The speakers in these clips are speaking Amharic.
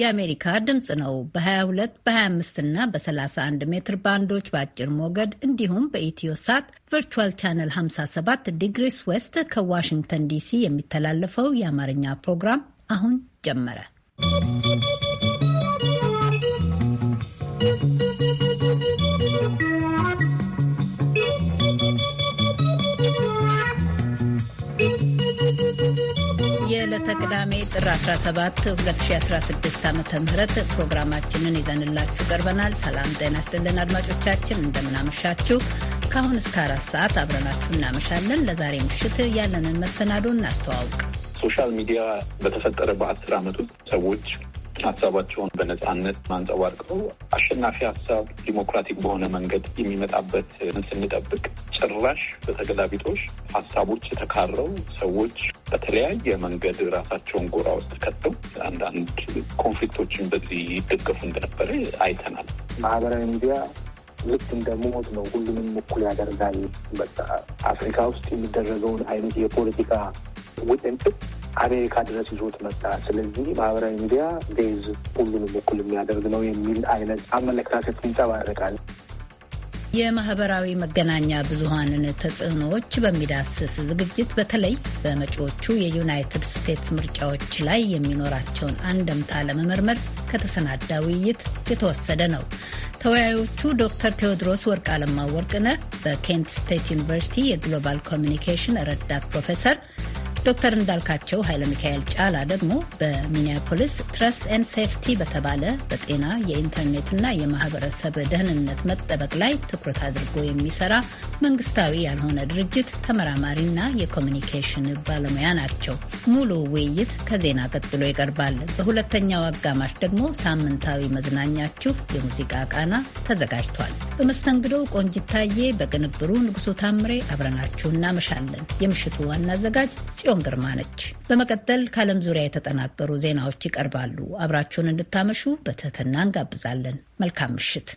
የአሜሪካ ድምፅ ነው። በ22 በ25 እና በ31 ሜትር ባንዶች በአጭር ሞገድ እንዲሁም በኢትዮ ሳት ቨርቹዋል ቻነል 57 ዲግሪስ ዌስት ከዋሽንግተን ዲሲ የሚተላለፈው የአማርኛ ፕሮግራም አሁን ጀመረ። ቅዳሜ ጥር 17 2016 ዓ ም ፕሮግራማችንን ይዘንላችሁ ቀርበናል። ሰላም ጤና ይስጥልን አድማጮቻችን፣ እንደምናመሻችሁ። ከአሁን እስከ አራት ሰዓት አብረናችሁ እናመሻለን። ለዛሬ ምሽት ያለንን መሰናዶ እናስተዋውቅ። ሶሻል ሚዲያ በተፈጠረ በአስር ዓመት ውስጥ ሰዎች ሀሳባቸውን በነጻነት አንጸባርቀው አሸናፊ ሀሳብ ዲሞክራቲክ በሆነ መንገድ የሚመጣበት ስንጠብቅ ጭራሽ በተገላቢጦሽ ሀሳቦች የተካረው ሰዎች በተለያየ መንገድ ራሳቸውን ጎራ ውስጥ ከተው አንዳንድ ኮንፍሊክቶችን በዚህ ይደገፉ እንደነበረ አይተናል። ማህበራዊ ሚዲያ ልክ እንደ ሞት ነው፣ ሁሉንም እኩል ያደርጋል። በቃ አፍሪካ ውስጥ የሚደረገውን አይነት የፖለቲካ ውጥንቅጥ አሜሪካ ድረስ ይዞት መጣ። ስለዚህ ማህበራዊ ሚዲያ ቤዝ ሁሉንም እኩል የሚያደርግ ነው የሚል አይነት አመለካከት ይንጸባረቃል። የማህበራዊ መገናኛ ብዙሀንን ተጽዕኖዎች በሚዳስስ ዝግጅት በተለይ በመጪዎቹ የዩናይትድ ስቴትስ ምርጫዎች ላይ የሚኖራቸውን አንደምታ ለመመርመር ከተሰናዳ ውይይት የተወሰደ ነው። ተወያዮቹ ዶክተር ቴዎድሮስ ወርቅ አለማወርቅነህ በኬንት ስቴት ዩኒቨርሲቲ የግሎባል ኮሚኒኬሽን ረዳት ፕሮፌሰር ዶክተር እንዳልካቸው ኃይለ ሚካኤል ጫላ ደግሞ በሚኒያፖሊስ ትረስት ኤንድ ሴፍቲ በተባለ በጤና የኢንተርኔትና የማህበረሰብ ደህንነት መጠበቅ ላይ ትኩረት አድርጎ የሚሰራ መንግስታዊ ያልሆነ ድርጅት ተመራማሪና የኮሚኒኬሽን ባለሙያ ናቸው። ሙሉ ውይይት ከዜና ቀጥሎ ይቀርባል። በሁለተኛው አጋማሽ ደግሞ ሳምንታዊ መዝናኛችሁ የሙዚቃ ቃና ተዘጋጅቷል። በመስተንግዶው ቆንጅታዬ፣ በቅንብሩ ንጉሱ ታምሬ አብረናችሁ እናመሻለን። የምሽቱ ዋና አዘጋጅ ጽዮን ጽዮን ግርማ ነች። በመቀጠል ከዓለም ዙሪያ የተጠናቀሩ ዜናዎች ይቀርባሉ። አብራችሁን እንድታመሹ በትህትና እንጋብዛለን። መልካም ምሽት።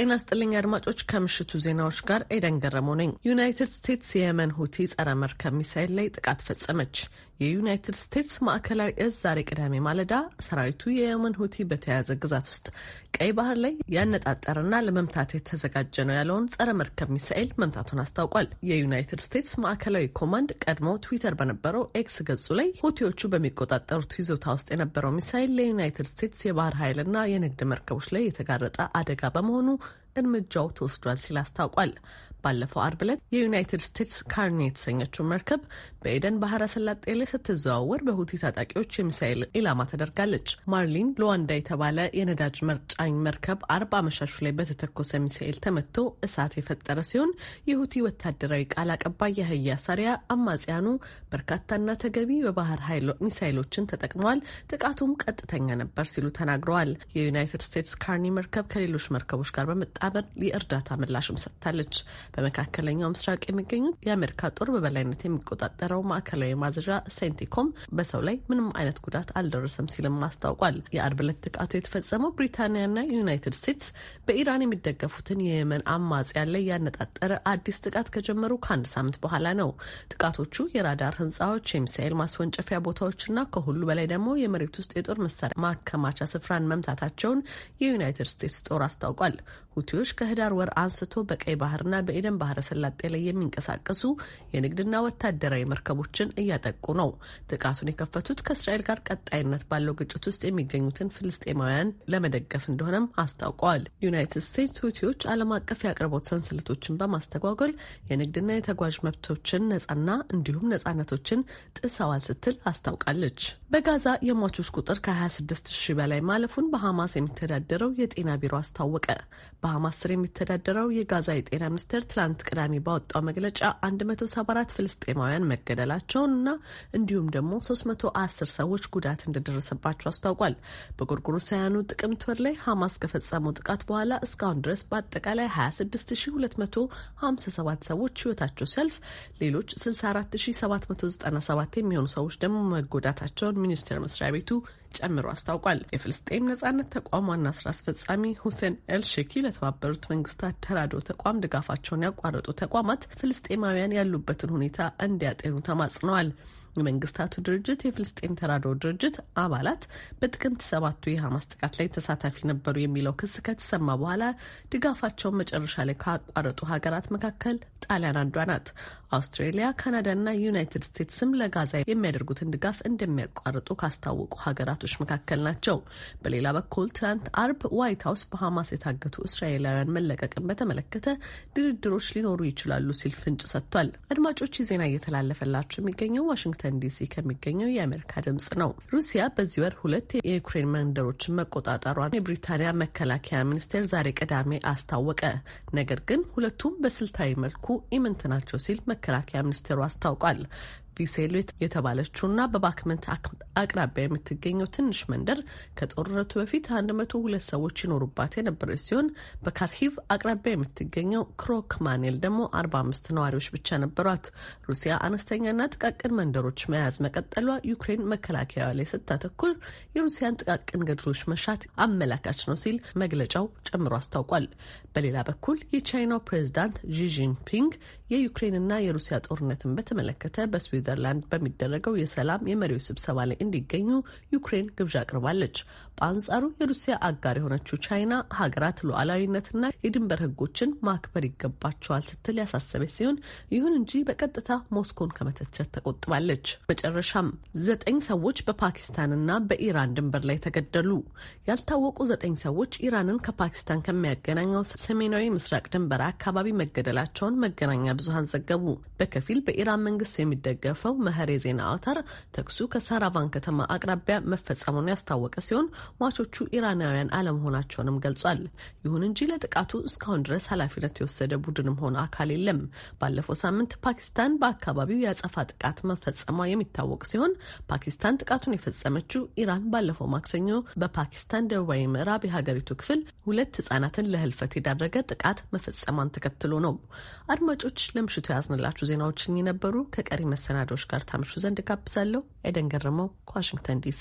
ጤና ስጥልኝ አድማጮች፣ ከምሽቱ ዜናዎች ጋር ኤደን ገረመው ነኝ። ዩናይትድ ስቴትስ የየመን ሁቲ ጸረ መርከብ ሚሳይል ላይ ጥቃት ፈጸመች። የዩናይትድ ስቴትስ ማዕከላዊ እዝ ዛሬ ቅዳሜ ማለዳ ሰራዊቱ የየመን ሁቲ በተያያዘ ግዛት ውስጥ ቀይ ባህር ላይ ያነጣጠረና ለመምታት የተዘጋጀ ነው ያለውን ጸረ መርከብ ሚሳኤል መምታቱን አስታውቋል። የዩናይትድ ስቴትስ ማዕከላዊ ኮማንድ ቀድሞ ትዊተር በነበረው ኤክስ ገጹ ላይ ሁቲዎቹ በሚቆጣጠሩት ይዞታ ውስጥ የነበረው ሚሳኤል ለዩናይትድ ስቴትስ የባህር ኃይልና የንግድ መርከቦች ላይ የተጋረጠ አደጋ በመሆኑ እርምጃው ተወስዷል ሲል አስታውቋል። ባለፈው አርብ ዕለት የዩናይትድ ስቴትስ ካርኒ የተሰኘችው መርከብ በኤደን ባህረ ሰላጤ ላይ ስትዘዋወር በሁቲ ታጣቂዎች የሚሳኤል ኢላማ ተደርጋለች። ማርሊን ሉዋንዳ የተባለ የነዳጅ መርጫኝ መርከብ አርብ አመሻሹ ላይ በተተኮሰ ሚሳኤል ተመትቶ እሳት የፈጠረ ሲሆን የሁቲ ወታደራዊ ቃል አቀባይ የህያ ሳሪያ አማጽያኑ በርካታና ተገቢ የባህር ኃይል ሚሳይሎችን ተጠቅመዋል፣ ጥቃቱም ቀጥተኛ ነበር ሲሉ ተናግረዋል። የዩናይትድ ስቴትስ ካርኒ መርከብ ከሌሎች መርከቦች ጋር በመጣ በመቃበል የእርዳታ ምላሽም ሰጥታለች። በመካከለኛው ምስራቅ የሚገኙት የአሜሪካ ጦር በበላይነት የሚቆጣጠረው ማዕከላዊ ማዘዣ ሴንቲኮም በሰው ላይ ምንም አይነት ጉዳት አልደረሰም ሲልም አስታውቋል። የአርብ ዕለት ጥቃቱ የተፈጸመው ብሪታንያና ዩናይትድ ስቴትስ በኢራን የሚደገፉትን የየመን አማጽያን ላይ ያነጣጠረ አዲስ ጥቃት ከጀመሩ ከአንድ ሳምንት በኋላ ነው። ጥቃቶቹ የራዳር ህንፃዎች፣ የሚሳኤል ማስወንጨፊያ ቦታዎችና ከሁሉ በላይ ደግሞ የመሬት ውስጥ የጦር መሳሪያ ማከማቻ ስፍራን መምታታቸውን የዩናይትድ ስቴትስ ጦር አስታውቋል። ሁቲ ተዋጊዎች ከህዳር ወር አንስቶ በቀይ ባህርና በኤደን ባህረ ሰላጤ ላይ የሚንቀሳቀሱ የንግድና ወታደራዊ መርከቦችን እያጠቁ ነው። ጥቃቱን የከፈቱት ከእስራኤል ጋር ቀጣይነት ባለው ግጭት ውስጥ የሚገኙትን ፍልስጤማውያን ለመደገፍ እንደሆነም አስታውቀዋል። ዩናይትድ ስቴትስ ሁቲዎች ዓለም አቀፍ የአቅርቦት ሰንሰለቶችን በማስተጓጎል የንግድና የተጓዥ መብቶችን ነጻና እንዲሁም ነጻነቶችን ጥሰዋል ስትል አስታውቃለች። በጋዛ የሟቾች ቁጥር ከ26 ሺህ በላይ ማለፉን በሐማስ የሚተዳደረው የጤና ቢሮ አስታወቀ። በሐማስ ስር የሚተዳደረው የጋዛ የጤና ሚኒስቴር ትላንት ቅዳሜ ባወጣው መግለጫ 174 ፍልስጤማውያን እና እንዲሁም ደግሞ 310 ሰዎች ጉዳት እንደደረሰባቸው አስታውቋል። በጎርጎሮሳውያኑ ጥቅምት ወር ላይ ሐማስ ከፈጸመው ጥቃት በኋላ እስካሁን ድረስ በአጠቃላይ 26257 ሰዎች ህይወታቸው ሲያልፍ ሌሎች 64797 የሚሆኑ ሰዎች ደግሞ መጎዳታቸውን ሚኒስቴር መስሪያ ቤቱ ጨምሮ አስታውቋል። የፍልስጤም ነጻነት ተቋም ዋና ስራ አስፈጻሚ ሁሴን ኤልሼኪ ለተባበሩት መንግስታት ተራድኦ ተቋም ድጋፋቸውን ያቋረጡ ተቋማት ፍልስጤማውያን ያሉበትን ሁኔታ እንዲያጤኑ ተማጽነዋል። የመንግስታቱ ድርጅት የፍልስጤም ተራድኦ ድርጅት አባላት በጥቅምት ሰባቱ የሐማስ ጥቃት ላይ ተሳታፊ ነበሩ የሚለው ክስ ከተሰማ በኋላ ድጋፋቸውን መጨረሻ ላይ ካቋረጡ ሀገራት መካከል ጣሊያን አንዷ ናት። አውስትሬሊያ፣ እና ዩናይትድ ስቴትስም ለጋዛ የሚያደርጉትን ድጋፍ እንደሚያቋርጡ ካስታወቁ ሀገራቶች መካከል ናቸው። በሌላ በኩል ትናንት አርብ ዋይት ሀውስ በሐማስ የታገቱ እስራኤላውያን መለቀቅን በተመለከተ ድርድሮች ሊኖሩ ይችላሉ ሲል ፍንጭ ሰጥቷል። አድማጮች ዜና እየተላለፈላቸው የሚገኘው ዋሽንግተን ዲሲ ከሚገኘው የአሜሪካ ድምጽ ነው። ሩሲያ በዚህ ወር ሁለት የዩክሬን መንደሮችን መቆጣጠሯን የብሪታንያ መከላከያ ሚኒስቴር ዛሬ ቅዳሜ አስታወቀ። ነገር ግን ሁለቱም በስልታዊ መልኩ ኢምንት ናቸው ሲል መከላከያ ሚኒስቴሩ አስታውቋል። ቪሴሉት የተባለችውና በባክመንት አቅራቢያ የምትገኘው ትንሽ መንደር ከጦርነቱ በፊት 102 ሰዎች ይኖሩባት የነበረች ሲሆን በካርኪቭ አቅራቢያ የምትገኘው ክሮክ ማኔል ደግሞ 45 ነዋሪዎች ብቻ ነበሯት። ሩሲያ አነስተኛና ጥቃቅን መንደሮች መያዝ መቀጠሏ ዩክሬን መከላከያ ላይ ስታተኩር የሩሲያን ጥቃቅን ገድሎች መሻት አመላካች ነው ሲል መግለጫው ጨምሮ አስታውቋል። በሌላ በኩል የቻይናው ፕሬዚዳንት ዢ ጂንፒንግ የዩክሬንና የሩሲያ ጦርነትን በተመለከተ በስዊዝ ኔዘርላንድ በሚደረገው የሰላም የመሪዎች ስብሰባ ላይ እንዲገኙ ዩክሬን ግብዣ አቅርባለች። በአንጻሩ የሩሲያ አጋር የሆነችው ቻይና ሀገራት ሉዓላዊነትና የድንበር ሕጎችን ማክበር ይገባቸዋል ስትል ያሳሰበች ሲሆን ይሁን እንጂ በቀጥታ ሞስኮን ከመተቸት ተቆጥባለች። መጨረሻም ዘጠኝ ሰዎች በፓኪስታንና በኢራን ድንበር ላይ ተገደሉ። ያልታወቁ ዘጠኝ ሰዎች ኢራንን ከፓኪስታን ከሚያገናኘው ሰሜናዊ ምስራቅ ድንበር አካባቢ መገደላቸውን መገናኛ ብዙሀን ዘገቡ። በከፊል በኢራን መንግስት የሚደገፍ ያረፈው መኸር የዜና አውታር ተኩሱ ከሳራቫን ከተማ አቅራቢያ መፈጸሙን ያስታወቀ ሲሆን ሟቾቹ ኢራናውያን አለመሆናቸውንም ገልጿል። ይሁን እንጂ ለጥቃቱ እስካሁን ድረስ ኃላፊነት የወሰደ ቡድንም ሆነ አካል የለም። ባለፈው ሳምንት ፓኪስታን በአካባቢው የአጸፋ ጥቃት መፈጸሟ የሚታወቅ ሲሆን ፓኪስታን ጥቃቱን የፈጸመችው ኢራን ባለፈው ማክሰኞ በፓኪስታን ደቡባዊ ምዕራብ የሀገሪቱ ክፍል ሁለት ህጻናትን ለህልፈት የዳረገ ጥቃት መፈጸሟን ተከትሎ ነው። አድማጮች ለምሽቱ ያዝንላችሁ ዜናዎች ነበሩ። ከቀሪ መሰናዶ መሰናዶዎች ጋር ታምሹ ዘንድ ጋብዛለሁ። ኤደን ገረመው ከዋሽንግተን ዲሲ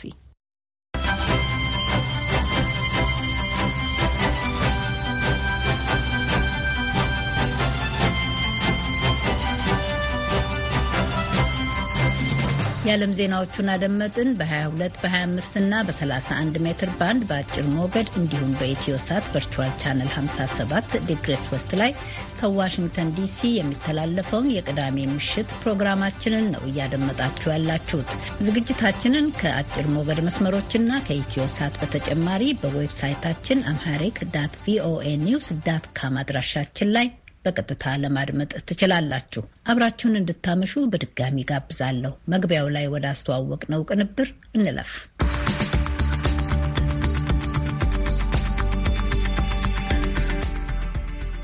የዓለም ዜናዎቹን አደመጥን። በ22 በ25 እና በ31 ሜትር ባንድ በአጭር ሞገድ እንዲሁም በኢትዮ ሳት ቨርቹዋል ቻነል 57 ዲግሬስ ወስት ላይ ከዋሽንግተን ዲሲ የሚተላለፈውን የቅዳሜ ምሽት ፕሮግራማችንን ነው እያደመጣችሁ ያላችሁት። ዝግጅታችንን ከአጭር ሞገድ መስመሮችና ከኢትዮ ሳት በተጨማሪ በዌብሳይታችን አምሃሪክ ዳት ቪኦኤ ኒውስ ዳት ካም አድራሻችን ላይ በቀጥታ ለማድመጥ ትችላላችሁ። አብራችሁን እንድታመሹ በድጋሚ ጋብዛለሁ። መግቢያው ላይ ወደ አስተዋወቅ ነው ቅንብር እንለፍ።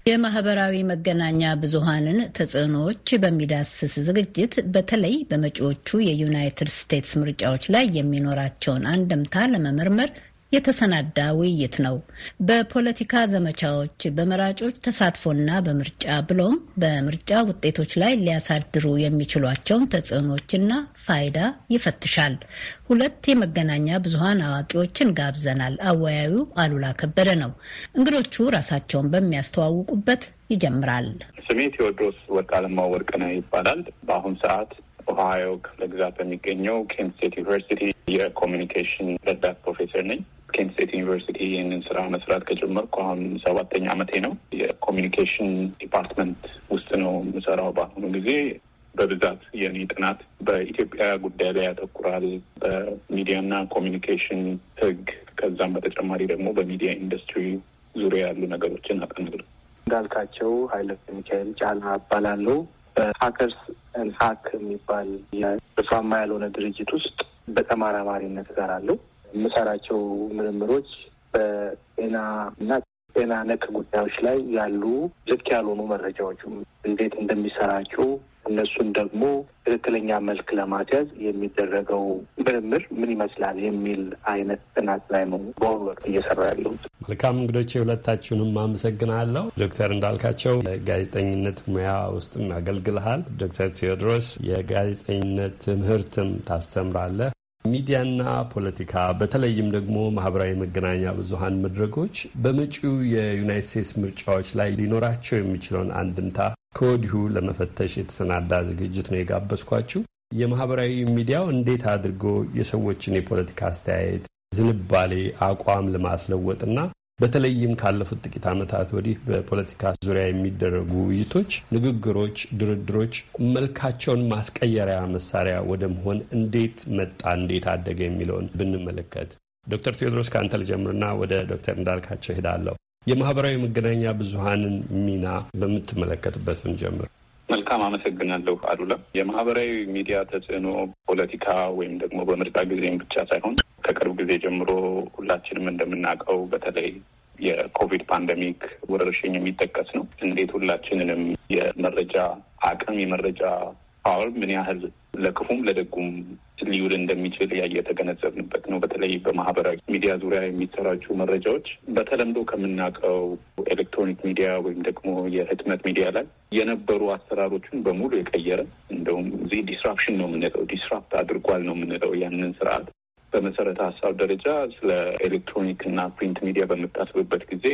የማህበራዊ መገናኛ ብዙሃንን ተጽዕኖዎች በሚዳስስ ዝግጅት በተለይ በመጪዎቹ የዩናይትድ ስቴትስ ምርጫዎች ላይ የሚኖራቸውን አንድምታ ለመመርመር የተሰናዳ ውይይት ነው። በፖለቲካ ዘመቻዎች፣ በመራጮች ተሳትፎና በምርጫ ብሎም በምርጫ ውጤቶች ላይ ሊያሳድሩ የሚችሏቸውን ተጽዕኖችና ፋይዳ ይፈትሻል። ሁለት የመገናኛ ብዙሃን አዋቂዎችን ጋብዘናል። አወያዩ አሉላ ከበደ ነው። እንግዶቹ ራሳቸውን በሚያስተዋውቁበት ይጀምራል። ስሜ ቴዎድሮስ ወርቅ ወርቅ ነው ይባላል። በአሁኑ ሰዓት ኦሃዮ ክፍለ ግዛት በሚገኘው ኬንት ስቴት ዩኒቨርሲቲ የኮሚኒኬሽን ረዳት ፕሮፌሰር ነኝ። ኬንት ስቴት ዩኒቨርሲቲ ይህንን ስራ መስራት ከጀመርኩ አሁን ሰባተኛ ዓመቴ ነው። የኮሚኒኬሽን ዲፓርትመንት ውስጥ ነው የምሰራው በአሁኑ ጊዜ። በብዛት የኔ ጥናት በኢትዮጵያ ጉዳይ ላይ ያተኩራል። በሚዲያና ኮሚኒኬሽን ህግ ከዛም በተጨማሪ ደግሞ በሚዲያ ኢንዱስትሪ ዙሪያ ያሉ ነገሮችን አጠናለሁ። እንዳልካቸው ኃይለ ሚካኤል ጫላ እባላለሁ። በሀከርስ እንሀክ የሚባል ትርፋማ ያልሆነ ድርጅት ውስጥ በተመራማሪነት እሰራለሁ። የምሰራቸው ምርምሮች በጤና እና ጤና ነክ ጉዳዮች ላይ ያሉ ልክ ያልሆኑ መረጃዎች እንዴት እንደሚሰራቸው እነሱን ደግሞ ትክክለኛ መልክ ለማስያዝ የሚደረገው ምርምር ምን ይመስላል የሚል አይነት ጥናት ላይ ነው በአሁኑ ወቅት እየሰራ ያለሁት። መልካም እንግዶች ሁለታችሁንም አመሰግናለሁ። ዶክተር እንዳልካቸው የጋዜጠኝነት ሙያ ውስጥም ያገልግልሃል። ዶክተር ቴዎድሮስ የጋዜጠኝነት ትምህርትም ታስተምራለህ። ሚዲያና ፖለቲካ በተለይም ደግሞ ማህበራዊ መገናኛ ብዙሀን መድረኮች በመጪው የዩናይት ስቴትስ ምርጫዎች ላይ ሊኖራቸው የሚችለውን አንድምታ ከወዲሁ ለመፈተሽ የተሰናዳ ዝግጅት ነው የጋበዝኳችሁ። የማህበራዊ ሚዲያው እንዴት አድርጎ የሰዎችን የፖለቲካ አስተያየት፣ ዝንባሌ፣ አቋም ለማስለወጥና በተለይም ካለፉት ጥቂት ዓመታት ወዲህ በፖለቲካ ዙሪያ የሚደረጉ ውይይቶች፣ ንግግሮች፣ ድርድሮች መልካቸውን ማስቀየሪያ መሳሪያ ወደ መሆን እንዴት መጣ እንዴት አደገ የሚለውን ብንመለከት ዶክተር ቴዎድሮስ ከአንተ ልጀምርና ወደ ዶክተር እንዳልካቸው ሄዳለሁ። የማህበራዊ መገናኛ ብዙሃንን ሚና በምትመለከትበት ብንጀምር መልካም አመሰግናለሁ አሉላ። የማህበራዊ ሚዲያ ተጽዕኖ ፖለቲካ ወይም ደግሞ በምርጫ ጊዜም ብቻ ሳይሆን ከቅርብ ጊዜ ጀምሮ ሁላችንም እንደምናውቀው በተለይ የኮቪድ ፓንደሚክ ወረርሽኝ የሚጠቀስ ነው። እንዴት ሁላችንንም የመረጃ አቅም የመረጃ ፓወር ምን ያህል ለክፉም ለደጉም ሊውል እንደሚችል እየተገነዘብንበት ነው። በተለይ በማህበራዊ ሚዲያ ዙሪያ የሚሰራጩ መረጃዎች በተለምዶ ከምናውቀው ኤሌክትሮኒክ ሚዲያ ወይም ደግሞ የህትመት ሚዲያ ላይ የነበሩ አሰራሮችን በሙሉ የቀየረ እንደውም እዚህ ዲስራፕሽን ነው የምንለው፣ ዲስራፕት አድርጓል ነው የምንለው ያንን ስርዓት በመሰረተ ሀሳብ ደረጃ ስለ ኤሌክትሮኒክ እና ፕሪንት ሚዲያ በምታስብበት ጊዜ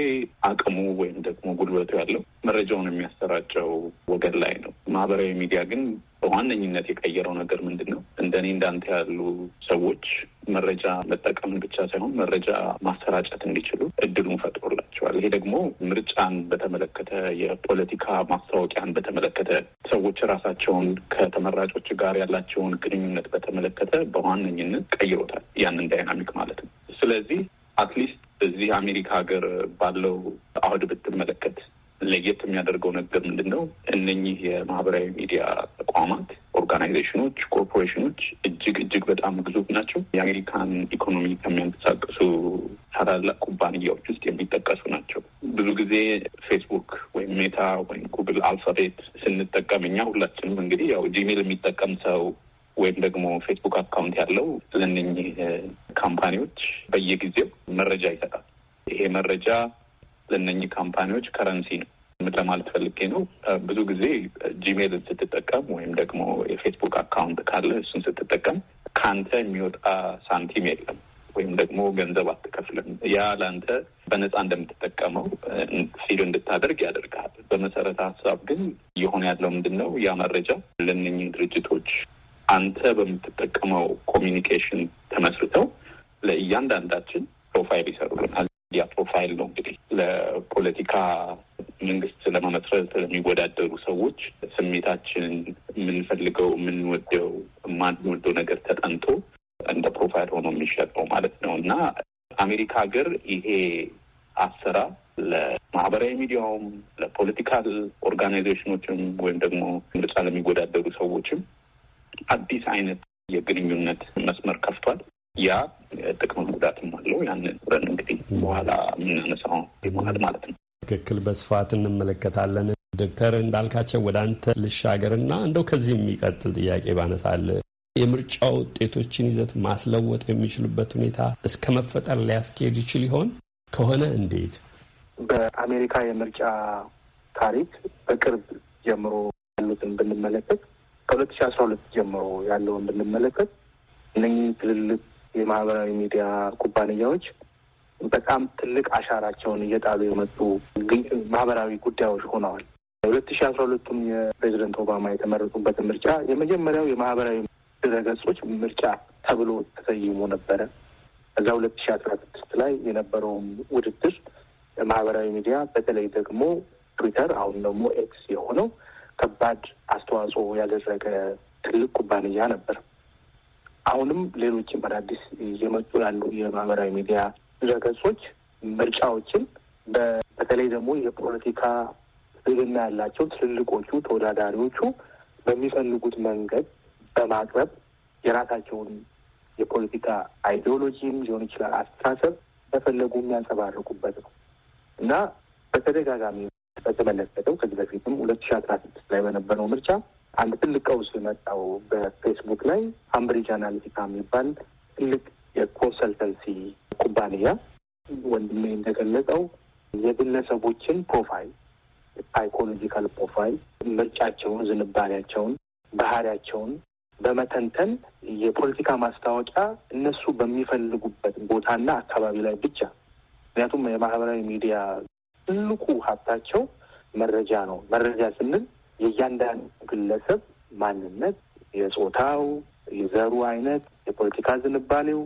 አቅሙ ወይም ደግሞ ጉልበቱ ያለው መረጃውን የሚያሰራጨው ወገን ላይ ነው። ማህበራዊ ሚዲያ ግን በዋነኝነት የቀየረው ነገር ምንድን ነው? እንደኔ እንዳንተ ያሉ ሰዎች መረጃ መጠቀምን ብቻ ሳይሆን መረጃ ማሰራጨት እንዲችሉ እድሉን ፈጥሮላቸዋል። ይሄ ደግሞ ምርጫን በተመለከተ የፖለቲካ ማስታወቂያን በተመለከተ ሰዎች ራሳቸውን ከተመራጮች ጋር ያላቸውን ግንኙነት በተመለከተ በዋነኝነት ቀይሮታል፣ ያንን ዳይናሚክ ማለት ነው። ስለዚህ አትሊስት እዚህ አሜሪካ ሀገር ባለው አውድ ብትመለከት ለየት የሚያደርገው ነገር ምንድን ነው? እነኚህ የማህበራዊ ሚዲያ ተቋማት፣ ኦርጋናይዜሽኖች፣ ኮርፖሬሽኖች እጅግ እጅግ በጣም ግዙፍ ናቸው። የአሜሪካን ኢኮኖሚ ከሚያንቀሳቅሱ ታላላቅ ኩባንያዎች ውስጥ የሚጠቀሱ ናቸው። ብዙ ጊዜ ፌስቡክ ወይም ሜታ ወይም ጉግል አልፋቤት ስንጠቀም እኛ ሁላችንም እንግዲህ ያው ጂሜል የሚጠቀም ሰው ወይም ደግሞ ፌስቡክ አካውንት ያለው ለእነኚህ ካምፓኒዎች በየጊዜው መረጃ ይሰጣል። ይሄ መረጃ ለእነኚህ ካምፓኒዎች ከረንሲ ነው። ምን ለማለት ፈልጌ ነው? ብዙ ጊዜ ጂሜል ስትጠቀም ወይም ደግሞ የፌስቡክ አካውንት ካለ እሱን ስትጠቀም ከአንተ የሚወጣ ሳንቲም የለም ወይም ደግሞ ገንዘብ አትከፍልም። ያ ለአንተ በነፃ እንደምትጠቀመው ፊል እንድታደርግ ያደርግሃል። በመሰረተ ሀሳብ ግን እየሆነ ያለው ምንድን ነው? ያ መረጃ ለእነኝህ ድርጅቶች አንተ በምትጠቀመው ኮሚኒኬሽን ተመስርተው ለእያንዳንዳችን ፕሮፋይል ይሰሩልናል። ሚዲያ ፕሮፋይል ነው እንግዲህ ለፖለቲካ መንግስት ለመመስረት ለሚወዳደሩ ሰዎች ስሜታችንን የምንፈልገው የምንወደው የማንወደው ነገር ተጠንቶ እንደ ፕሮፋይል ሆኖ የሚሸጠው ማለት ነው እና አሜሪካ ሀገር ይሄ አሰራ ለማህበራዊ ሚዲያውም ለፖለቲካል ኦርጋናይዜሽኖችም ወይም ደግሞ ምርጫ ለሚወዳደሩ ሰዎችም አዲስ አይነት የግንኙነት መስመር ከፍቷል። ያ ጥቅም ጉዳትም አለው። ያንን ብረን እንግዲህ በኋላ የምናነሳው ይሆናል ማለት ነው። ትክክል፣ በስፋት እንመለከታለን። ዶክተር እንዳልካቸው ወደ አንተ ልሻገርና እንደው ከዚህ የሚቀጥል ጥያቄ ባነሳል የምርጫ ውጤቶችን ይዘት ማስለወጥ የሚችሉበት ሁኔታ እስከ መፈጠር ሊያስኬድ ይችል ይሆን? ከሆነ እንዴት? በአሜሪካ የምርጫ ታሪክ በቅርብ ጀምሮ ያሉትን ብንመለከት ከሁለት ሺ አስራ ሁለት ጀምሮ ያለውን ብንመለከት እነኚህ ትልልቅ የማህበራዊ ሚዲያ ኩባንያዎች በጣም ትልቅ አሻራቸውን እየጣሉ የመጡ ማህበራዊ ጉዳዮች ሆነዋል። ሁለት ሺ አስራ ሁለቱም የፕሬዚደንት ኦባማ የተመረጡበት ምርጫ የመጀመሪያው የማህበራዊ ድረገጾች ምርጫ ተብሎ ተሰይሞ ነበረ። ከዛ ሁለት ሺ አስራ ስድስት ላይ የነበረውም ውድድር ማህበራዊ ሚዲያ በተለይ ደግሞ ትዊተር አሁን ደግሞ ኤክስ የሆነው ከባድ አስተዋጽኦ ያደረገ ትልቅ ኩባንያ ነበር። አሁንም ሌሎችም አዳዲስ እየመጡ ላሉ የማህበራዊ ሚዲያ ድረገጾች ምርጫዎችን በተለይ ደግሞ የፖለቲካ ዝግና ያላቸው ትልልቆቹ ተወዳዳሪዎቹ በሚፈልጉት መንገድ በማቅረብ የራሳቸውን የፖለቲካ አይዲዮሎጂም ሊሆን ይችላል አስተሳሰብ በፈለጉ የሚያንጸባርቁበት ነው እና በተደጋጋሚ በተመለከተው ከዚህ በፊትም ሁለት ሺ አስራ ስድስት ላይ በነበረው ምርጫ አንድ ትልቅ ቀውስ የመጣው በፌስቡክ ላይ አምብሪጅ አናሊቲካ የሚባል ትልቅ የኮንሰልተንሲ ኩባንያ ወንድሜ እንደገለጸው የግለሰቦችን ፕሮፋይል ሳይኮሎጂካል ፕሮፋይል ምርጫቸውን፣ ዝንባሌያቸውን፣ ባህሪያቸውን በመተንተን የፖለቲካ ማስታወቂያ እነሱ በሚፈልጉበት ቦታና አካባቢ ላይ ብቻ። ምክንያቱም የማህበራዊ ሚዲያ ትልቁ ሀብታቸው መረጃ ነው። መረጃ ስንል የእያንዳንዱ ግለሰብ ማንነት፣ የጾታው፣ የዘሩ አይነት፣ የፖለቲካ ዝንባሌው፣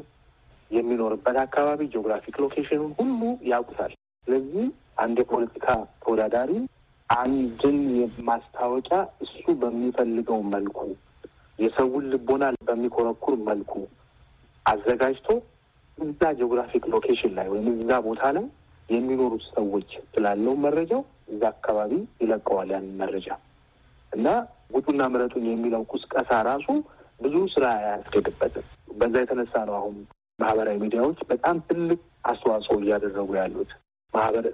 የሚኖርበት አካባቢ፣ ጂኦግራፊክ ሎኬሽኑን ሁሉ ያውቁታል። ስለዚህ አንድ የፖለቲካ ተወዳዳሪ አንድን ማስታወቂያ እሱ በሚፈልገው መልኩ የሰውን ልቦና በሚኮረኩር መልኩ አዘጋጅቶ እዛ ጂኦግራፊክ ሎኬሽን ላይ ወይም እዛ ቦታ ላይ የሚኖሩት ሰዎች ስላለው መረጃው እዛ አካባቢ ይለቀዋል ያንን መረጃ። እና ውጡና ምረጡኝ የሚለው ቁስቀሳ ራሱ ብዙ ስራ አያስኬድበትም። በዛ የተነሳ ነው አሁን ማህበራዊ ሚዲያዎች በጣም ትልቅ አስተዋጽኦ እያደረጉ ያሉት። ማህበር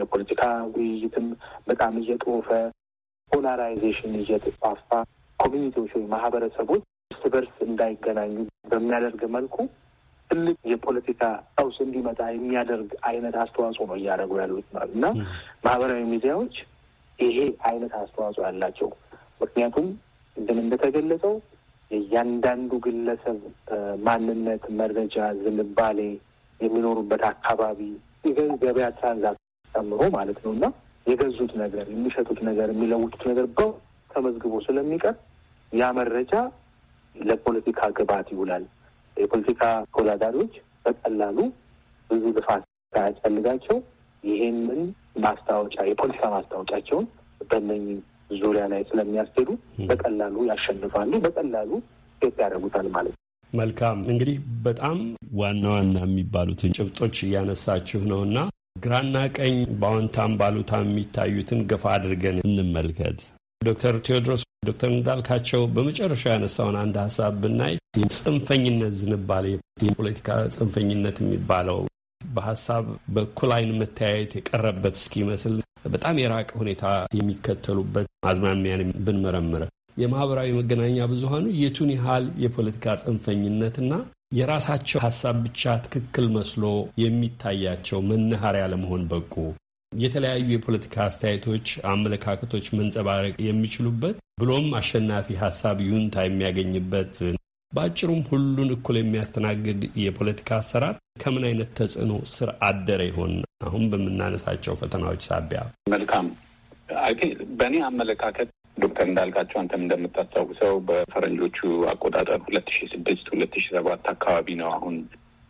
የፖለቲካ ውይይትም በጣም እየጦፈ ፖላራይዜሽን እየተስፋፋ ኮሚኒቲዎች ወይ ማህበረሰቦች እርስ በርስ እንዳይገናኙ በሚያደርግ መልኩ ትልቅ የፖለቲካ ቀውስ እንዲመጣ የሚያደርግ አይነት አስተዋጽኦ ነው እያደረጉ ያሉት እና ማህበራዊ ሚዲያዎች ይሄ አይነት አስተዋጽኦ ያላቸው ምክንያቱም እንደምን እንደተገለጸው የእያንዳንዱ ግለሰብ ማንነት፣ መረጃ፣ ዝንባሌ፣ የሚኖሩበት አካባቢ ገበያ ትራንዛክሽን ጨምሮ ማለት ነው እና የገዙት ነገር፣ የሚሸጡት ነገር፣ የሚለውጡት ነገር በው ተመዝግቦ ስለሚቀር ያ መረጃ ለፖለቲካ ግብዓት ይውላል። የፖለቲካ ተወዳዳሪዎች በቀላሉ ብዙ ልፋት ሳያስፈልጋቸው ይሄንን ማስታወቂያ የፖለቲካ ማስታወቂያቸውን በእነኝህ ዙሪያ ላይ ስለሚያስሄዱ በቀላሉ ያሸንፋሉ፣ በቀላሉ ሴት ያደርጉታል ማለት ነው። መልካም እንግዲህ በጣም ዋና ዋና የሚባሉትን ጭብጦች እያነሳችሁ ነው እና ግራና ቀኝ በአዎንታም ባሉታ የሚታዩትን ገፋ አድርገን እንመልከት። ዶክተር ቴዎድሮስ ዶክተር እንዳልካቸው በመጨረሻ ያነሳውን አንድ ሀሳብ ብናይ ጽንፈኝነት ዝንባሌ የፖለቲካ ጽንፈኝነት የሚባለው በሀሳብ በኩል አይን መተያየት የቀረበት እስኪመስል በጣም የራቀ ሁኔታ የሚከተሉበት አዝማሚያን ብንመረምረ የማህበራዊ መገናኛ ብዙሀኑ የቱን ያህል የፖለቲካ ጽንፈኝነትና የራሳቸው ሀሳብ ብቻ ትክክል መስሎ የሚታያቸው መናኸሪያ ለመሆን በቁ የተለያዩ የፖለቲካ አስተያየቶች፣ አመለካከቶች መንጸባረቅ የሚችሉበት ብሎም አሸናፊ ሀሳብ ይሁንታ የሚያገኝበት በአጭሩም ሁሉን እኩል የሚያስተናግድ የፖለቲካ አሰራር ከምን አይነት ተጽዕኖ ስር አደረ ይሆን አሁን በምናነሳቸው ፈተናዎች ሳቢያ? መልካም በእኔ አመለካከት ዶክተር እንዳልካቸው አንተም እንደምታስታውሰው በፈረንጆቹ አቆጣጠር ሁለት ሺ ስድስት ሁለት ሺ ሰባት አካባቢ ነው አሁን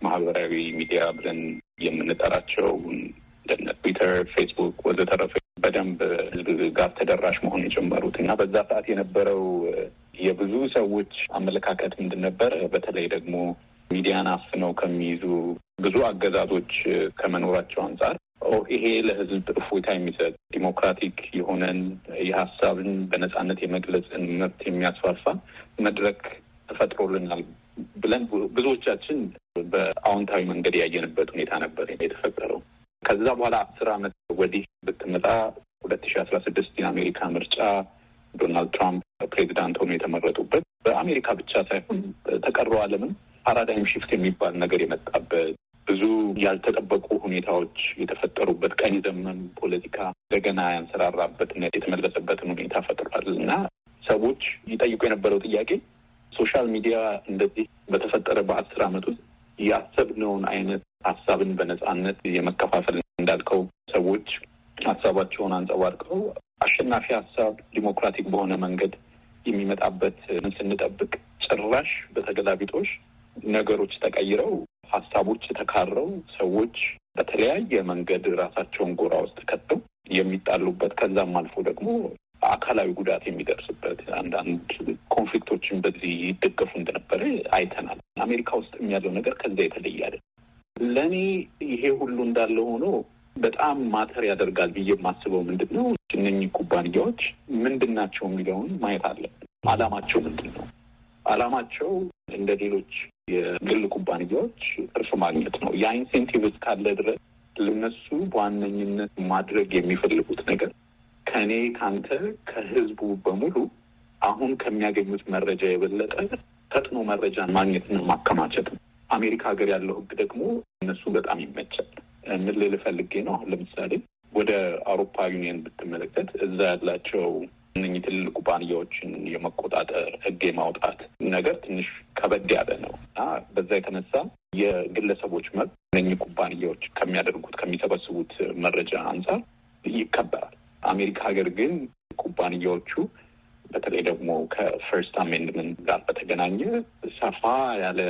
ማህበራዊ ሚዲያ ብለን የምንጠራቸው እንደ ትዊተር፣ ፌስቡክ ወዘተረፈ በደንብ ህዝብ ጋር ተደራሽ መሆን የጀመሩት እና በዛ ሰዓት የነበረው የብዙ ሰዎች አመለካከት ምንድን ነበር? በተለይ ደግሞ ሚዲያን አፍነው ከሚይዙ ብዙ አገዛዞች ከመኖራቸው አንጻር ይሄ ለህዝብ እፎይታ የሚሰጥ ዲሞክራቲክ የሆነን የሀሳብን በነጻነት የመግለጽን መብት የሚያስፋፋ መድረክ ተፈጥሮልናል ብለን ብዙዎቻችን በአዎንታዊ መንገድ ያየንበት ሁኔታ ነበር የተፈጠረው። ከዛ በኋላ አስር አመት ወዲህ ብትመጣ ሁለት ሺ አስራ ስድስት የአሜሪካ ምርጫ ዶናልድ ትራምፕ ፕሬዚዳንት ሆኖ የተመረጡበት በአሜሪካ ብቻ ሳይሆን ተቀረው ዓለምም ፓራዳይም ሽፍት የሚባል ነገር የመጣበት ብዙ ያልተጠበቁ ሁኔታዎች የተፈጠሩበት ቀኝ ዘመን ፖለቲካ እንደገና ያንሰራራበትና የተመለሰበትን ሁኔታ ፈጥሯል እና ሰዎች ይጠይቁ የነበረው ጥያቄ ሶሻል ሚዲያ እንደዚህ በተፈጠረ በአስር ዓመት ውስጥ ያሰብነውን አይነት ሀሳብን በነጻነት የመከፋፈል እንዳልከው ሰዎች ሀሳባቸውን አንጸባርቀው አሸናፊ ሀሳብ ዲሞክራቲክ በሆነ መንገድ የሚመጣበት ስንጠብቅ ጭራሽ በተገላቢጦሽ ነገሮች ተቀይረው ሀሳቦች ተካረው ሰዎች በተለያየ መንገድ ራሳቸውን ጎራ ውስጥ ከተው የሚጣሉበት ከዛም አልፎ ደግሞ አካላዊ ጉዳት የሚደርስበት አንዳንድ ኮንፍሊክቶችን በዚህ ይደገፉ እንደነበረ አይተናል። አሜሪካ ውስጥ ያለው ነገር ከዚያ የተለየ አይደለም። ለእኔ ይሄ ሁሉ እንዳለ ሆኖ በጣም ማተር ያደርጋል ብዬ የማስበው ምንድን ነው እነኚህ ኩባንያዎች ምንድን ናቸው የሚለውን ማየት አለብን። አላማቸው ምንድን ነው? አላማቸው እንደ ሌሎች የግል ኩባንያዎች ትርፍ ማግኘት ነው። ያ ኢንሴንቲቭ እስካለ ድረስ ለነሱ በዋነኝነት ማድረግ የሚፈልጉት ነገር ከእኔ ከአንተ ከህዝቡ በሙሉ አሁን ከሚያገኙት መረጃ የበለጠ ፈጥኖ መረጃን ማግኘትን ማከማቸት ነው። አሜሪካ ሀገር ያለው ህግ ደግሞ እነሱ በጣም ይመቻል። ልል ፈልጌ ነው። ለምሳሌ ወደ አውሮፓ ዩኒየን ብትመለከት እዛ ያላቸው እነኚህ ትልልቅ ኩባንያዎችን የመቆጣጠር ህግ የማውጣት ነገር ትንሽ ከበድ ያለ ነው እና በዛ የተነሳ የግለሰቦች መብት እነኚህ ኩባንያዎች ከሚያደርጉት ከሚሰበስቡት መረጃ አንጻር ይከበራል። አሜሪካ ሀገር ግን ኩባንያዎቹ በተለይ ደግሞ ከፈርስት አሜንድመንት ጋር በተገናኘ ሰፋ ያለ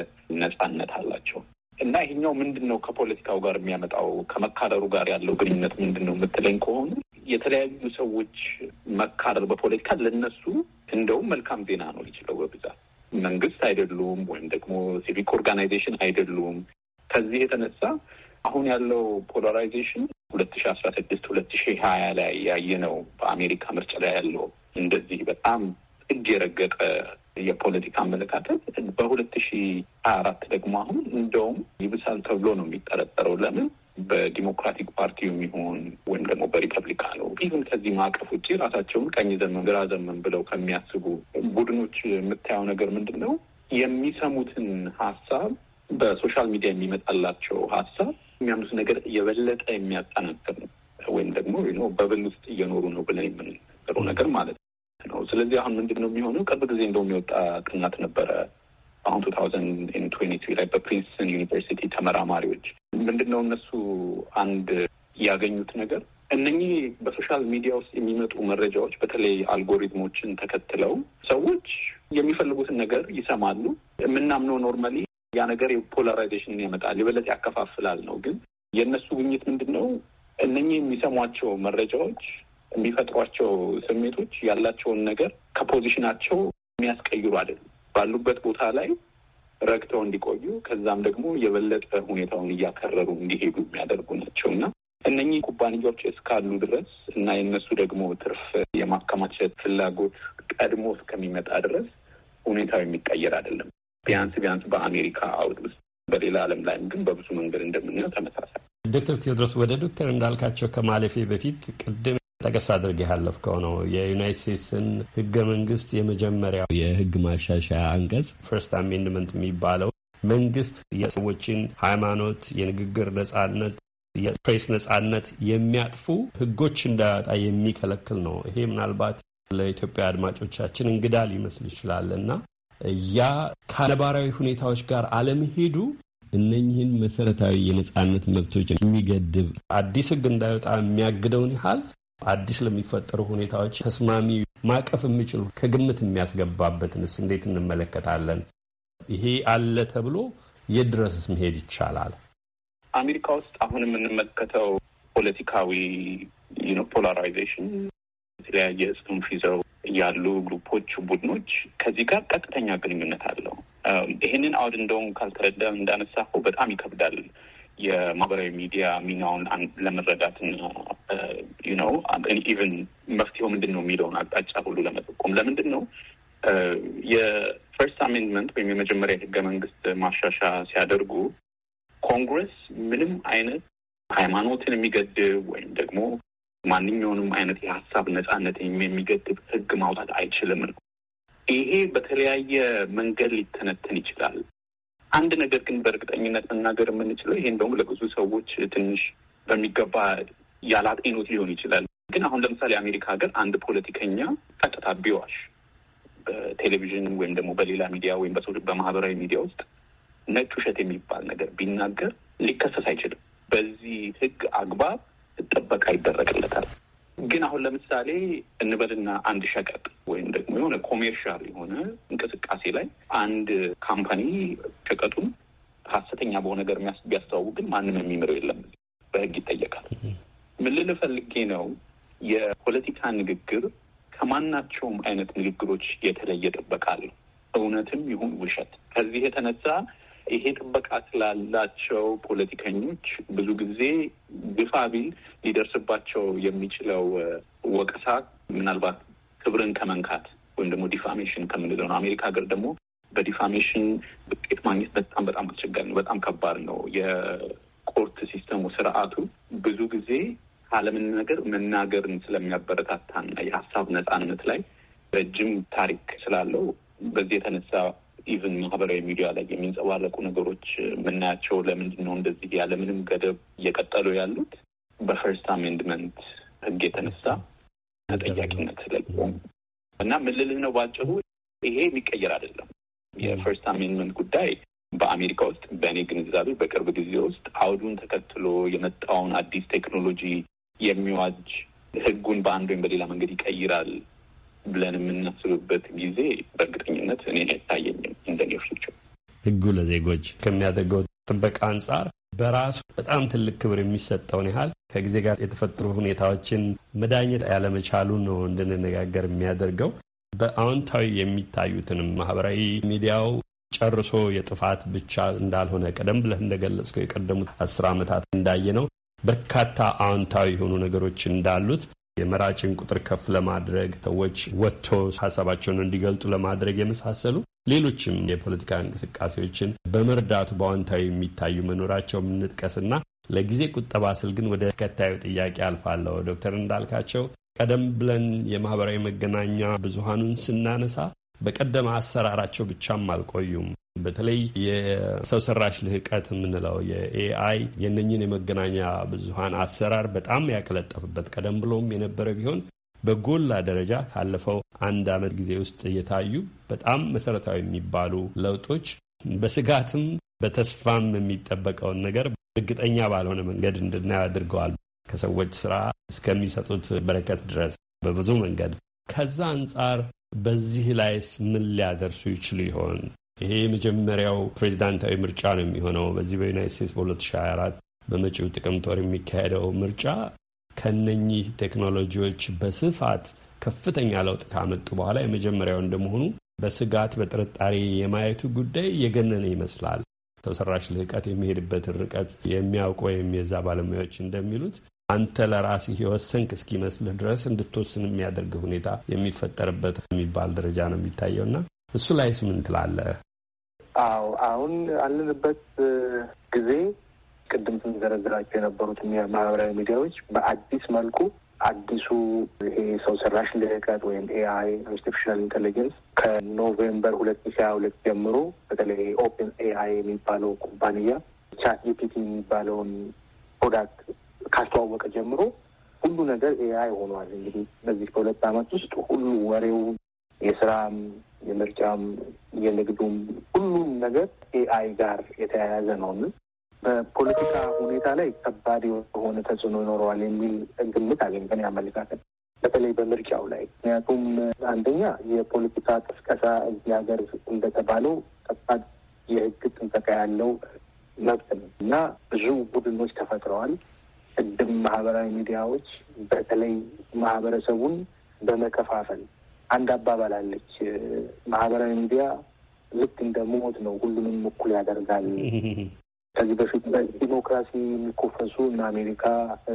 ነጻነት አላቸው። እና ይሄኛው ምንድን ነው ከፖለቲካው ጋር የሚያመጣው ከመካረሩ ጋር ያለው ግንኙነት ምንድን ነው የምትለኝ ከሆነ የተለያዩ ሰዎች መካረር በፖለቲካ ለነሱ እንደውም መልካም ዜና ነው ሊችለው በብዛት መንግስት አይደሉም ወይም ደግሞ ሲቪክ ኦርጋናይዜሽን አይደሉም። ከዚህ የተነሳ አሁን ያለው ፖላራይዜሽን ሁለት ሺ አስራ ስድስት ሁለት ሺ ሀያ ላይ ያየነው ነው። በአሜሪካ ምርጫ ላይ ያለው እንደዚህ በጣም ጥግ የረገጠ የፖለቲካ አመለካከት በሁለት ሺ ሀያ አራት ደግሞ አሁን እንደውም ይብሳል ተብሎ ነው የሚጠረጠረው። ለምን በዲሞክራቲክ ፓርቲ የሚሆን ወይም ደግሞ በሪፐብሊካኑ ኢቭን ከዚህ ማዕቀፍ ውጭ ራሳቸውን ቀኝ ዘመን፣ ግራ ዘመን ብለው ከሚያስቡ ቡድኖች የምታየው ነገር ምንድን ነው? የሚሰሙትን ሀሳብ በሶሻል ሚዲያ የሚመጣላቸው ሀሳብ የሚያምኑት ነገር የበለጠ የሚያጠናክር ነው ወይም ደግሞ በብል ውስጥ እየኖሩ ነው ብለን የምንነገረው ነገር ማለት ነው። ነው። ስለዚህ አሁን ምንድን ነው የሚሆነው? ቅርብ ጊዜ እንደውም የወጣ ጥናት ነበረ አሁን ቱ ታውዘንድ ትዌንቲ ላይ በፕሪንስተን ዩኒቨርሲቲ ተመራማሪዎች ምንድን ነው እነሱ አንድ ያገኙት ነገር እነኚህ በሶሻል ሚዲያ ውስጥ የሚመጡ መረጃዎች በተለይ አልጎሪትሞችን ተከትለው ሰዎች የሚፈልጉትን ነገር ይሰማሉ። የምናምነው ኖርማሊ ያ ነገር የፖላራይዜሽንን ያመጣል፣ የበለጠ ያከፋፍላል ነው። ግን የእነሱ ግኝት ምንድን ነው እነኚህ የሚሰሟቸው መረጃዎች የሚፈጥሯቸው ስሜቶች ያላቸውን ነገር ከፖዚሽናቸው የሚያስቀይሩ አይደለም። ባሉበት ቦታ ላይ ረግተው እንዲቆዩ ከዛም ደግሞ የበለጠ ሁኔታውን እያከረሩ እንዲሄዱ የሚያደርጉ ናቸው እና እነኚህ ኩባንያዎች እስካሉ ድረስ እና የነሱ ደግሞ ትርፍ የማከማቸት ፍላጎት ቀድሞ እስከሚመጣ ድረስ ሁኔታው የሚቀየር አይደለም። ቢያንስ ቢያንስ በአሜሪካ አውድ ውስጥ፣ በሌላ ዓለም ላይም ግን በብዙ መንገድ እንደምናየው ተመሳሳይ። ዶክተር ቴዎድሮስ ወደ ዶክተር እንዳልካቸው ከማለፌ በፊት ቅድም ጠቀስ አድርገህ ያለፍከው ነው የዩናይት ስቴትስን ህገ መንግስት የመጀመሪያው የህግ ማሻሻያ አንቀጽ ፈርስት አሜንድመንት የሚባለው መንግስት የሰዎችን ሃይማኖት፣ የንግግር ነጻነት፣ የፕሬስ ነጻነት የሚያጥፉ ህጎች እንዳያወጣ የሚከለክል ነው። ይሄ ምናልባት ለኢትዮጵያ አድማጮቻችን እንግዳ ሊመስል ይችላል እና ያ ከነባራዊ ሁኔታዎች ጋር አለመሄዱ እነኝህን መሰረታዊ የነጻነት መብቶች የሚገድብ አዲስ ህግ እንዳይወጣ የሚያግደውን ያህል አዲስ ለሚፈጠሩ ሁኔታዎች ተስማሚ ማቀፍ የሚችሉ ከግምት የሚያስገባበትንስ እንዴት እንመለከታለን? ይሄ አለ ተብሎ የት ድረስስ መሄድ ይቻላል? አሜሪካ ውስጥ አሁን የምንመለከተው ፖለቲካዊ ፖላራይዜሽን የተለያየ ጽንፍ ይዘው ያሉ ግሩፖች፣ ቡድኖች ከዚህ ጋር ቀጥተኛ ግንኙነት አለው። ይህንን አውድ እንደውም ካልተረዳ እንዳነሳሁ በጣም ይከብዳል። የማህበራዊ ሚዲያ ሚናውን ለመረዳት ነው። ኢቨን መፍትሄው ምንድን ነው የሚለውን አቅጣጫ ሁሉ ለመጠቆም ለምንድን ነው የፈርስት አሜንድመንት ወይም የመጀመሪያ ህገ መንግስት ማሻሻ ሲያደርጉ ኮንግረስ ምንም አይነት ሃይማኖትን የሚገድብ ወይም ደግሞ ማንኛውንም አይነት የሀሳብ ነጻነት የሚገድብ ህግ ማውጣት አይችልም ነው። ይሄ በተለያየ መንገድ ሊተነትን ይችላል። አንድ ነገር ግን በእርግጠኝነት መናገር የምንችለው ይሄ እንደውም ለብዙ ሰዎች ትንሽ በሚገባ ያላጤኑት ሊሆን ይችላል። ግን አሁን ለምሳሌ አሜሪካ ሀገር አንድ ፖለቲከኛ ቀጥታ ቢዋሽ በቴሌቪዥን ወይም ደግሞ በሌላ ሚዲያ ወይም በሰው በማህበራዊ ሚዲያ ውስጥ ነጭ ውሸት የሚባል ነገር ቢናገር ሊከሰስ አይችልም። በዚህ ህግ አግባብ ጥበቃ ይደረግለታል። ግን አሁን ለምሳሌ እንበልና አንድ ሸቀጥ ወይም ደግሞ የሆነ ኮሜርሻል የሆነ እንቅስቃሴ ላይ አንድ ካምፓኒ ሸቀጡን ሀሰተኛ በሆነ ነገር ቢያስተዋውቅ ግን ማንም የሚምረው የለም፣ በህግ ይጠየቃል። ምን ልል ፈልጌ ነው የፖለቲካ ንግግር ከማናቸውም አይነት ንግግሮች የተለየ ጥበቃ አለው፣ እውነትም ይሁን ውሸት። ከዚህ የተነሳ ይሄ ጥበቃ ስላላቸው ፖለቲከኞች ብዙ ጊዜ ግፋ ቢል ሊደርስባቸው የሚችለው ወቀሳ ምናልባት ክብርን ከመንካት ወይም ደግሞ ዲፋሜሽን ከምንለው ነው። አሜሪካ ሀገር ደግሞ በዲፋሜሽን ውጤት ማግኘት በጣም በጣም አስቸጋሪ ነው። በጣም ከባድ ነው። የኮርት ሲስተሙ ስርዓቱ ብዙ ጊዜ ካለምን ነገር መናገርን ስለሚያበረታታና የሀሳብ ነጻነት ላይ ረጅም ታሪክ ስላለው በዚህ የተነሳ ኢቨን ማህበራዊ ሚዲያ ላይ የሚንጸባረቁ ነገሮች የምናያቸው ለምንድን ነው እንደዚህ ያለምንም ገደብ እየቀጠሉ ያሉት? በፈርስት አሜንድመንት ህግ የተነሳ ተጠያቂነት ስለሌለ እና ምልልህ ነው ባጭሩ፣ ይሄ የሚቀየር አይደለም። የፈርስት አሜንድመንት ጉዳይ በአሜሪካ ውስጥ በእኔ ግንዛቤ በቅርብ ጊዜ ውስጥ አውዱን ተከትሎ የመጣውን አዲስ ቴክኖሎጂ የሚዋጅ ህጉን በአንድ ወይም በሌላ መንገድ ይቀይራል ብለን የምናስብበት ጊዜ በእርግጠኝነት እኔ አይታየኝም። እንደ ህጉ ለዜጎች ከሚያደርገው ጥበቃ አንጻር በራሱ በጣም ትልቅ ክብር የሚሰጠውን ያህል ከጊዜ ጋር የተፈጠሩ ሁኔታዎችን መዳኘት ያለመቻሉ ነው እንድንነጋገር የሚያደርገው። በአዎንታዊ የሚታዩትንም ማህበራዊ ሚዲያው ጨርሶ የጥፋት ብቻ እንዳልሆነ ቀደም ብለህ እንደገለጽከው የቀደሙት አስር ዓመታት እንዳየ ነው በርካታ አዎንታዊ የሆኑ ነገሮች እንዳሉት የመራጭን ቁጥር ከፍ ለማድረግ ሰዎች ወጥቶ ሀሳባቸውን እንዲገልጡ ለማድረግ የመሳሰሉ ሌሎችም የፖለቲካ እንቅስቃሴዎችን በመርዳቱ በአዎንታዊ የሚታዩ መኖራቸው የምንጥቀስና ለጊዜ ቁጠባ ስል ግን ወደ ተከታዩ ጥያቄ አልፋለሁ። ዶክተር እንዳልካቸው ቀደም ብለን የማህበራዊ መገናኛ ብዙሃኑን ስናነሳ በቀደመ አሰራራቸው ብቻም አልቆዩም። በተለይ የሰው ሰራሽ ልህቀት የምንለው የኤአይ የነኝን የመገናኛ ብዙሀን አሰራር በጣም ያቀለጠፍበት ቀደም ብሎም የነበረ ቢሆን በጎላ ደረጃ ካለፈው አንድ ዓመት ጊዜ ውስጥ የታዩ በጣም መሰረታዊ የሚባሉ ለውጦች በስጋትም በተስፋም የሚጠበቀውን ነገር እርግጠኛ ባልሆነ መንገድ እንድናየው አድርገዋል። ከሰዎች ስራ እስከሚሰጡት በረከት ድረስ በብዙ መንገድ ከዛ አንጻር በዚህ ላይስ ምን ሊያደርሱ ይችሉ ይሆን? ይሄ የመጀመሪያው ፕሬዚዳንታዊ ምርጫ ነው የሚሆነው በዚህ በዩናይት ስቴትስ በ2024 በመጪው ጥቅምት ወር የሚካሄደው ምርጫ ከነኚህ ቴክኖሎጂዎች በስፋት ከፍተኛ ለውጥ ካመጡ በኋላ የመጀመሪያው እንደመሆኑ በስጋት በጥርጣሬ የማየቱ ጉዳይ የገነነ ይመስላል። ሰው ሰራሽ ልህቀት የሚሄድበትን ርቀት የሚያውቅ ወይም የዛ ባለሙያዎች እንደሚሉት አንተ ለራስህ የወሰንክ እስኪመስልህ ድረስ እንድትወስን የሚያደርግ ሁኔታ የሚፈጠርበት የሚባል ደረጃ ነው የሚታየውና እሱ ላይስ ምን ትላለህ? አዎ አሁን አለንበት ጊዜ ቅድም ስንዘረዝራቸው የነበሩት ማህበራዊ ሚዲያዎች በአዲስ መልኩ አዲሱ ይሄ ሰው ሰራሽ ልህቀት ወይም ኤአይ አርቲፊሻል ኢንቴሊጀንስ ከኖቬምበር ሁለት ሺ ሀያ ሁለት ጀምሮ በተለይ ኦፕን ኤአይ የሚባለው ኩባንያ ቻት ጂፒቲ የሚባለውን ፕሮዳክት ካስተዋወቀ ጀምሮ ሁሉ ነገር ኤአይ ሆኗል። እንግዲህ በዚህ በሁለት አመት ውስጥ ሁሉ ወሬው የስራም የምርጫም፣ የንግዱም ሁሉም ነገር ኤአይ ጋር የተያያዘ ነው በፖለቲካ ሁኔታ ላይ ከባድ የሆነ ተጽዕኖ ይኖረዋል የሚል ግምት አገኝተን በእኔ በተለይ በምርጫው ላይ ምክንያቱም አንደኛ የፖለቲካ ቅስቀሳ እዚህ ሀገር እንደተባለው ከባድ የህግ ጥበቃ ያለው መብት ነው እና ብዙ ቡድኖች ተፈጥረዋል። ቅድም ማህበራዊ ሚዲያዎች በተለይ ማህበረሰቡን በመከፋፈል አንድ አባባል አለች። ማህበራዊ ሚዲያ ልክ እንደ ሞት ነው፣ ሁሉንም እኩል ያደርጋል። ከዚህ በፊት በዲሞክራሲ የሚኮፈሱ እና አሜሪካ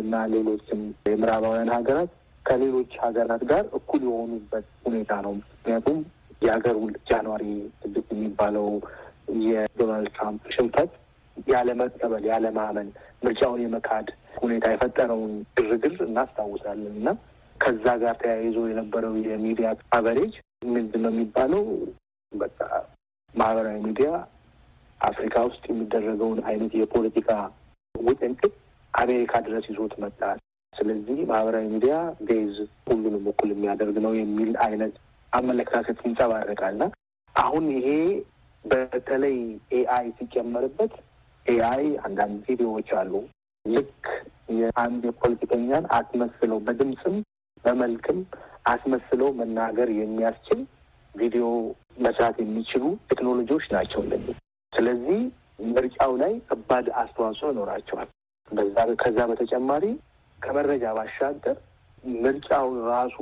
እና ሌሎችም የምዕራባውያን ሀገራት ከሌሎች ሀገራት ጋር እኩል የሆኑበት ሁኔታ ነው። ምክንያቱም የሀገር ጃንዋሪ ስድስት የሚባለው የዶናልድ ትራምፕ ሽንፈት ያለመቀበል፣ ያለማመን፣ ምርጫውን የመካድ ሁኔታ የፈጠረውን ግርግር እናስታውሳለን እና ከዛ ጋር ተያይዞ የነበረው የሚዲያ አቨሬጅ ምንድን ነው የሚባለው? በቃ ማህበራዊ ሚዲያ አፍሪካ ውስጥ የሚደረገውን አይነት የፖለቲካ ውጥንቅጥ አሜሪካ ድረስ ይዞት መጣል። ስለዚህ ማህበራዊ ሚዲያ ቤዝ ሁሉንም እኩል የሚያደርግ ነው የሚል አይነት አመለካከት ይንጸባረቃልና አሁን ይሄ በተለይ ኤአይ ሲጨመርበት ኤአይ አንዳንድ ቪዲዮዎች አሉ ልክ የአንድ የፖለቲከኛን አትመስለው በድምፅም በመልክም አስመስለው መናገር የሚያስችል ቪዲዮ መስራት የሚችሉ ቴክኖሎጂዎች ናቸው እነዚህ። ስለዚህ ምርጫው ላይ ከባድ አስተዋጽኦ ይኖራቸዋል። በዛ ከዛ በተጨማሪ ከመረጃ ባሻገር ምርጫው ራሱ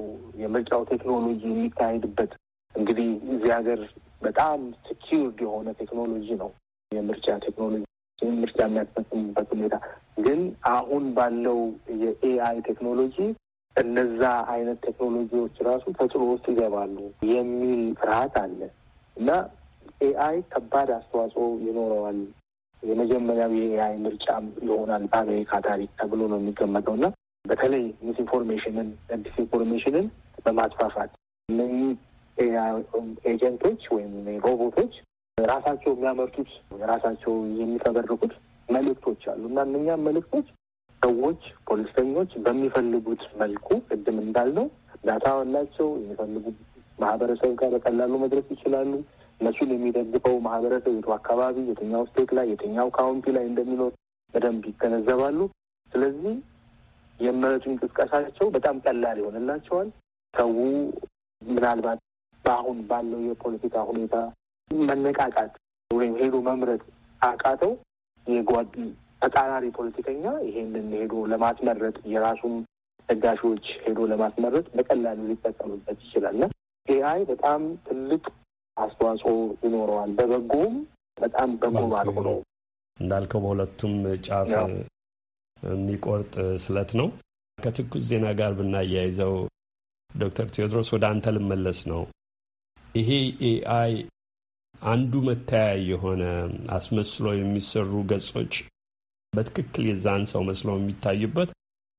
የምርጫው ቴክኖሎጂ የሚካሄድበት እንግዲህ እዚህ ሀገር በጣም ስኪውርድ የሆነ ቴክኖሎጂ ነው የምርጫ ቴክኖሎጂ ምርጫ የሚያስፈጽሙበት ሁኔታ ግን አሁን ባለው የኤአይ ቴክኖሎጂ እነዛ አይነት ቴክኖሎጂዎች ራሱ ተጽዕኖ ውስጥ ይገባሉ የሚል ፍርሃት አለ እና ኤአይ ከባድ አስተዋጽኦ ይኖረዋል። የመጀመሪያው የኤአይ ምርጫም ይሆናል በአሜሪካ ታሪክ ተብሎ ነው የሚገመጠው እና በተለይ ሚስኢንፎርሜሽንን፣ ዲስኢንፎርሜሽንን በማስፋፋት እነኚህ ኤአይ ኤጀንቶች ወይም ሮቦቶች ራሳቸው የሚያመርቱት ራሳቸው የሚፈበርኩት መልእክቶች አሉ እና እነኛም መልእክቶች ሰዎች ፖለቲከኞች በሚፈልጉት መልኩ ቅድም እንዳልነው ዳታ አላቸው። የሚፈልጉ ማህበረሰብ ጋር በቀላሉ መድረስ ይችላሉ። እነሱን የሚደግፈው ማህበረሰብ የቱ አካባቢ፣ የትኛው ስቴት ላይ፣ የትኛው ካውንቲ ላይ እንደሚኖር በደንብ ይገነዘባሉ። ስለዚህ የመረጡ እንቅስቃሴያቸው በጣም ቀላል ይሆንላቸዋል። ሰው ምናልባት በአሁን ባለው የፖለቲካ ሁኔታ መነቃቃት ወይም ሄዶ መምረጥ አቃተው ተቃራሪ ፖለቲከኛ ይሄንን ሄዶ ለማስመረጥ የራሱም ደጋፊዎች ሄዶ ለማስመረጥ በቀላሉ ሊጠቀምበት ይችላልና ኤአይ በጣም ትልቅ አስተዋጽኦ ይኖረዋል። በበጎም በጣም በጎ ነው እንዳልከው በሁለቱም ጫፍ የሚቆርጥ ስለት ነው። ከትኩስ ዜና ጋር ብናያይዘው ዶክተር ቴዎድሮስ ወደ አንተ ልመለስ ነው። ይሄ ኤአይ አንዱ መታያ የሆነ አስመስሎ የሚሰሩ ገጾች በትክክል የዛን ሰው መስለው የሚታዩበት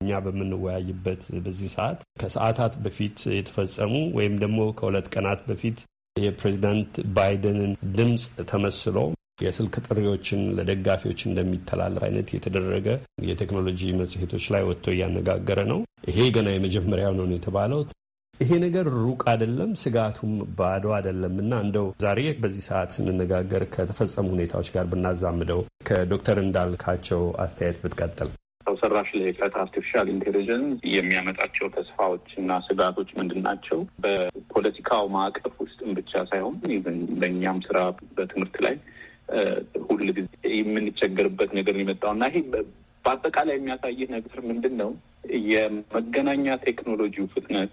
እኛ በምንወያይበት በዚህ ሰዓት ከሰዓታት በፊት የተፈጸሙ ወይም ደግሞ ከሁለት ቀናት በፊት የፕሬዚዳንት ባይደንን ድምፅ ተመስሎ የስልክ ጥሪዎችን ለደጋፊዎች እንደሚተላለፍ አይነት የተደረገ የቴክኖሎጂ መጽሔቶች ላይ ወጥቶ እያነጋገረ ነው። ይሄ ገና የመጀመሪያው ነው የተባለው ይሄ ነገር ሩቅ አይደለም፣ ስጋቱም ባዶ አይደለም እና እንደው ዛሬ በዚህ ሰዓት ስንነጋገር ከተፈጸሙ ሁኔታዎች ጋር ብናዛምደው ከዶክተር እንዳልካቸው አስተያየት ብትቀጥል። ሰው ሰራሽ ልህቀት አርቲፊሻል ኢንቴሊጀንስ የሚያመጣቸው ተስፋዎች እና ስጋቶች ምንድን ናቸው? በፖለቲካው ማዕቀፍ ውስጥም ብቻ ሳይሆን ኢቨን በእኛም ስራ በትምህርት ላይ ሁል ጊዜ የምንቸገርበት ነገር የመጣው እና ይሄ በአጠቃላይ የሚያሳይህ ነገር ምንድን ነው? የመገናኛ ቴክኖሎጂው ፍጥነት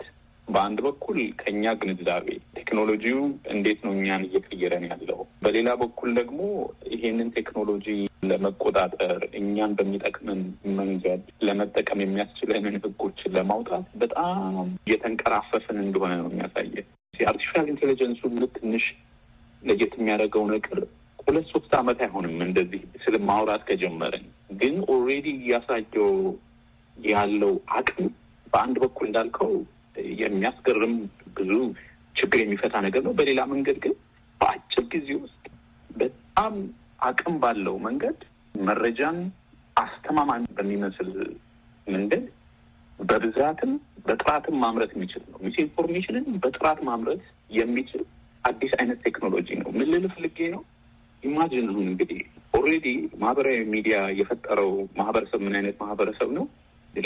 በአንድ በኩል ከኛ ግንዛቤ ቴክኖሎጂው እንዴት ነው እኛን እየቀየረን ያለው፣ በሌላ በኩል ደግሞ ይሄንን ቴክኖሎጂ ለመቆጣጠር እኛን በሚጠቅመን መንገድ ለመጠቀም የሚያስችለንን ህጎችን ለማውጣት በጣም እየተንቀራፈፍን እንደሆነ ነው የሚያሳየ። የአርቲፊሻል ኢንቴሊጀንሱ ትንሽ ለየት የሚያደርገው ነገር ሁለት ሶስት ዓመት አይሆንም እንደዚህ ስል ማውራት ከጀመረን ግን ኦልሬዲ እያሳየው ያለው አቅም በአንድ በኩል እንዳልከው የሚያስገርም ብዙ ችግር የሚፈታ ነገር ነው። በሌላ መንገድ ግን በአጭር ጊዜ ውስጥ በጣም አቅም ባለው መንገድ መረጃን አስተማማኝ በሚመስል መንገድ በብዛትም በጥራትም ማምረት የሚችል ነው። ሚስ ኢንፎርሜሽንን በጥራት ማምረት የሚችል አዲስ አይነት ቴክኖሎጂ ነው። ምን ልል ፈልጌ ነው? ኢማጂን አሁን እንግዲህ ኦልሬዲ ማህበራዊ ሚዲያ የፈጠረው ማህበረሰብ ምን አይነት ማህበረሰብ ነው?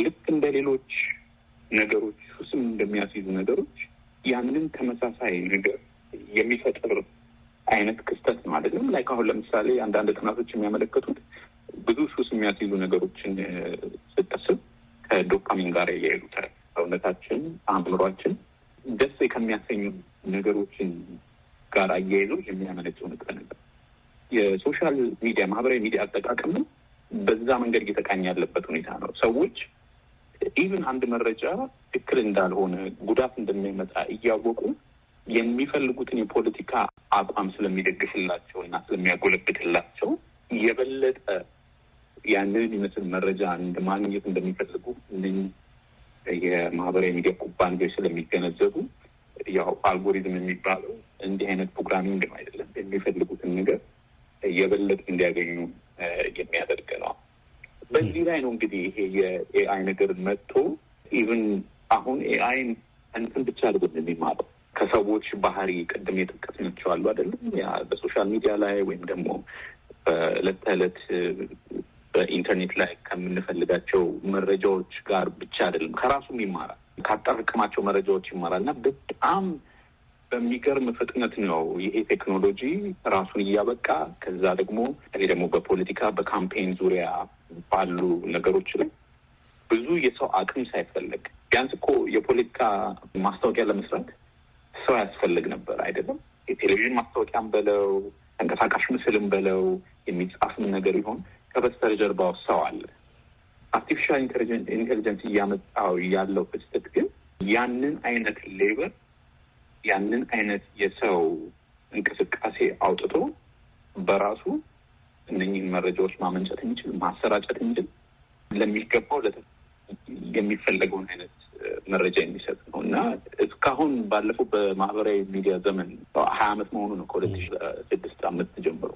ልክ እንደ ሌሎች ነገሮች ሱስም እንደሚያስይዙ ነገሮች ያንን ተመሳሳይ ነገር የሚፈጥር አይነት ክስተት ማለት ነው። ላይክ አሁን ለምሳሌ አንዳንድ ጥናቶች የሚያመለከቱት ብዙ ሱስ የሚያስይዙ ነገሮችን ስጠስብ ከዶፓሚን ጋር ያያይሉታል። ሰውነታችን፣ አእምሯችን ደስ ከሚያሰኙ ነገሮችን ጋር አያይዞ የሚያመነጨው ንጥረ ነገር የሶሻል ሚዲያ ማህበራዊ ሚዲያ አጠቃቀም ነው። በዛ መንገድ እየተቃኘ ያለበት ሁኔታ ነው። ሰዎች ኢቨን አንድ መረጃ ትክክል እንዳልሆነ ጉዳት እንደሚመጣ እያወቁ የሚፈልጉትን የፖለቲካ አቋም ስለሚደግፍላቸው እና ስለሚያጎለብትላቸው የበለጠ ያንን ይመስል መረጃ ማግኘት እንደሚፈልጉ የማህበራዊ ሚዲያ ኩባንያዎች ስለሚገነዘቡ ያው አልጎሪዝም የሚባለው እንዲህ አይነት ፕሮግራሚንግ አይደለም። የሚፈልጉትን ነገር የበለጠ እንዲያገኙ የሚያደርግ ነው። በዚህ ላይ ነው እንግዲህ ይሄ የኤአይ ነገር መጥቶ ኢቨን አሁን ኤአይን እንትን ብቻ አድርጎ የሚማረው ከሰዎች ባህሪ ቅድም የጠቀስናቸው አሉ አይደለም በሶሻል ሚዲያ ላይ ወይም ደግሞ በእለት ተእለት በኢንተርኔት ላይ ከምንፈልጋቸው መረጃዎች ጋር ብቻ አይደለም ከራሱም ይማራል ካጠረቅማቸው መረጃዎች ይማራል እና በጣም በሚገርም ፍጥነት ነው ይሄ ቴክኖሎጂ ራሱን እያበቃ ከዛ ደግሞ እኔ ደግሞ በፖለቲካ በካምፔን ዙሪያ ባሉ ነገሮች ላይ ብዙ የሰው አቅም ሳይፈለግ ቢያንስ እኮ የፖለቲካ ማስታወቂያ ለመስራት ሰው ያስፈልግ ነበር አይደለም። የቴሌቪዥን ማስታወቂያም በለው ተንቀሳቃሽ ምስልም በለው የሚጻፍም ነገር ይሆን ከበስተጀርባው ሰው አለ። አርቲፊሻል ኢንቴሊጀንስ እያመጣው ያለው ክስተት ግን ያንን አይነት ሌበር ያንን አይነት የሰው እንቅስቃሴ አውጥቶ በራሱ እነኝህን መረጃዎች ማመንጨት የሚችል ማሰራጨት የሚችል ለሚገባው የሚፈለገውን አይነት መረጃ የሚሰጥ ነው እና እስካሁን ባለፈው በማህበራዊ ሚዲያ ዘመን ሀያ አመት መሆኑ ነው ከሁለት ሺ ስድስት አመት ጀምሮ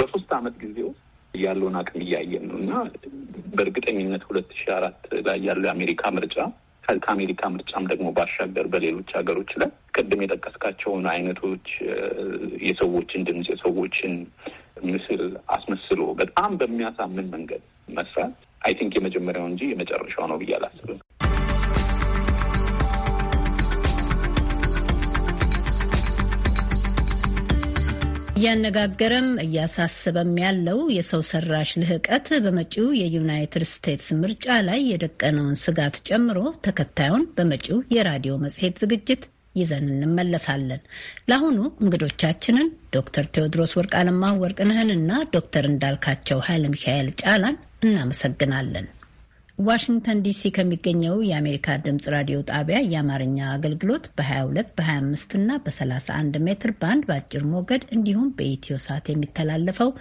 በሶስት አመት ጊዜ ውስጥ ያለውን አቅም እያየን ነው እና በእርግጠኝነት ሁለት ሺ አራት ላይ ያለው የአሜሪካ ምርጫ ከአሜሪካ ምርጫም ደግሞ ባሻገር በሌሎች ሀገሮች ላይ ቅድም የጠቀስካቸውን አይነቶች የሰዎችን ድምፅ የሰዎችን ምስል አስመስሎ በጣም በሚያሳምን መንገድ መስራት አይ ቲንክ የመጀመሪያው እንጂ የመጨረሻው ነው ብዬ አላስብም። እያነጋገረም እያሳሰበም ያለው የሰው ሰራሽ ልህቀት በመጪው የዩናይትድ ስቴትስ ምርጫ ላይ የደቀነውን ስጋት ጨምሮ ተከታዩን በመጪው የራዲዮ መጽሔት ዝግጅት ይዘን እንመለሳለን። ለአሁኑ እንግዶቻችንን ዶክተር ቴዎድሮስ ወርቅ አለማ ና ዶክተር እንዳልካቸው ኃይለ ሚካኤል ጫላን እናመሰግናለን። ዋሽንግተን ዲሲ ከሚገኘው የአሜሪካ ድምጽ ራዲዮ ጣቢያ የአማርኛ አገልግሎት በ22 በ25 እና በ31 ሜትር ባንድ በአጭር ሞገድ እንዲሁም በኢትዮ ሳት የሚተላለፈው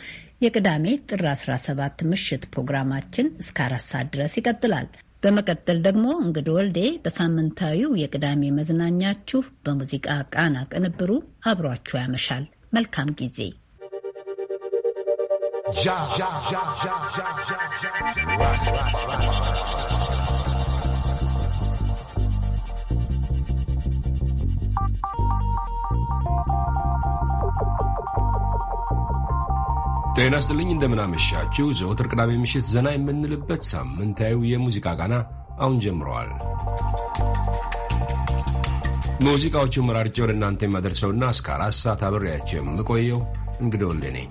የቅዳሜ ጥር 17 ምሽት ፕሮግራማችን እስከ አራት ሰዓት ድረስ ይቀጥላል። በመቀጠል ደግሞ እንግዳ ወልዴ በሳምንታዊው የቅዳሜ መዝናኛችሁ በሙዚቃ ቃና ቅንብሩ አብሯችሁ ያመሻል። መልካም ጊዜ። ዣ ዣ ዣ ዣ ዣ ዣ ጤና ስጥልኝ እንደምናመሻችው ዘወትር ቅዳሜ ምሽት ዘና የምንልበት ሳምንታዊ የሙዚቃ ቃና አሁን ጀምረዋል። ሙዚቃዎቹ መራርጬ ወደ እናንተ የማደርሰውና እስከ አራት ሰዓት አብሬያቸው የምቆየው እንግዳ ነኝ።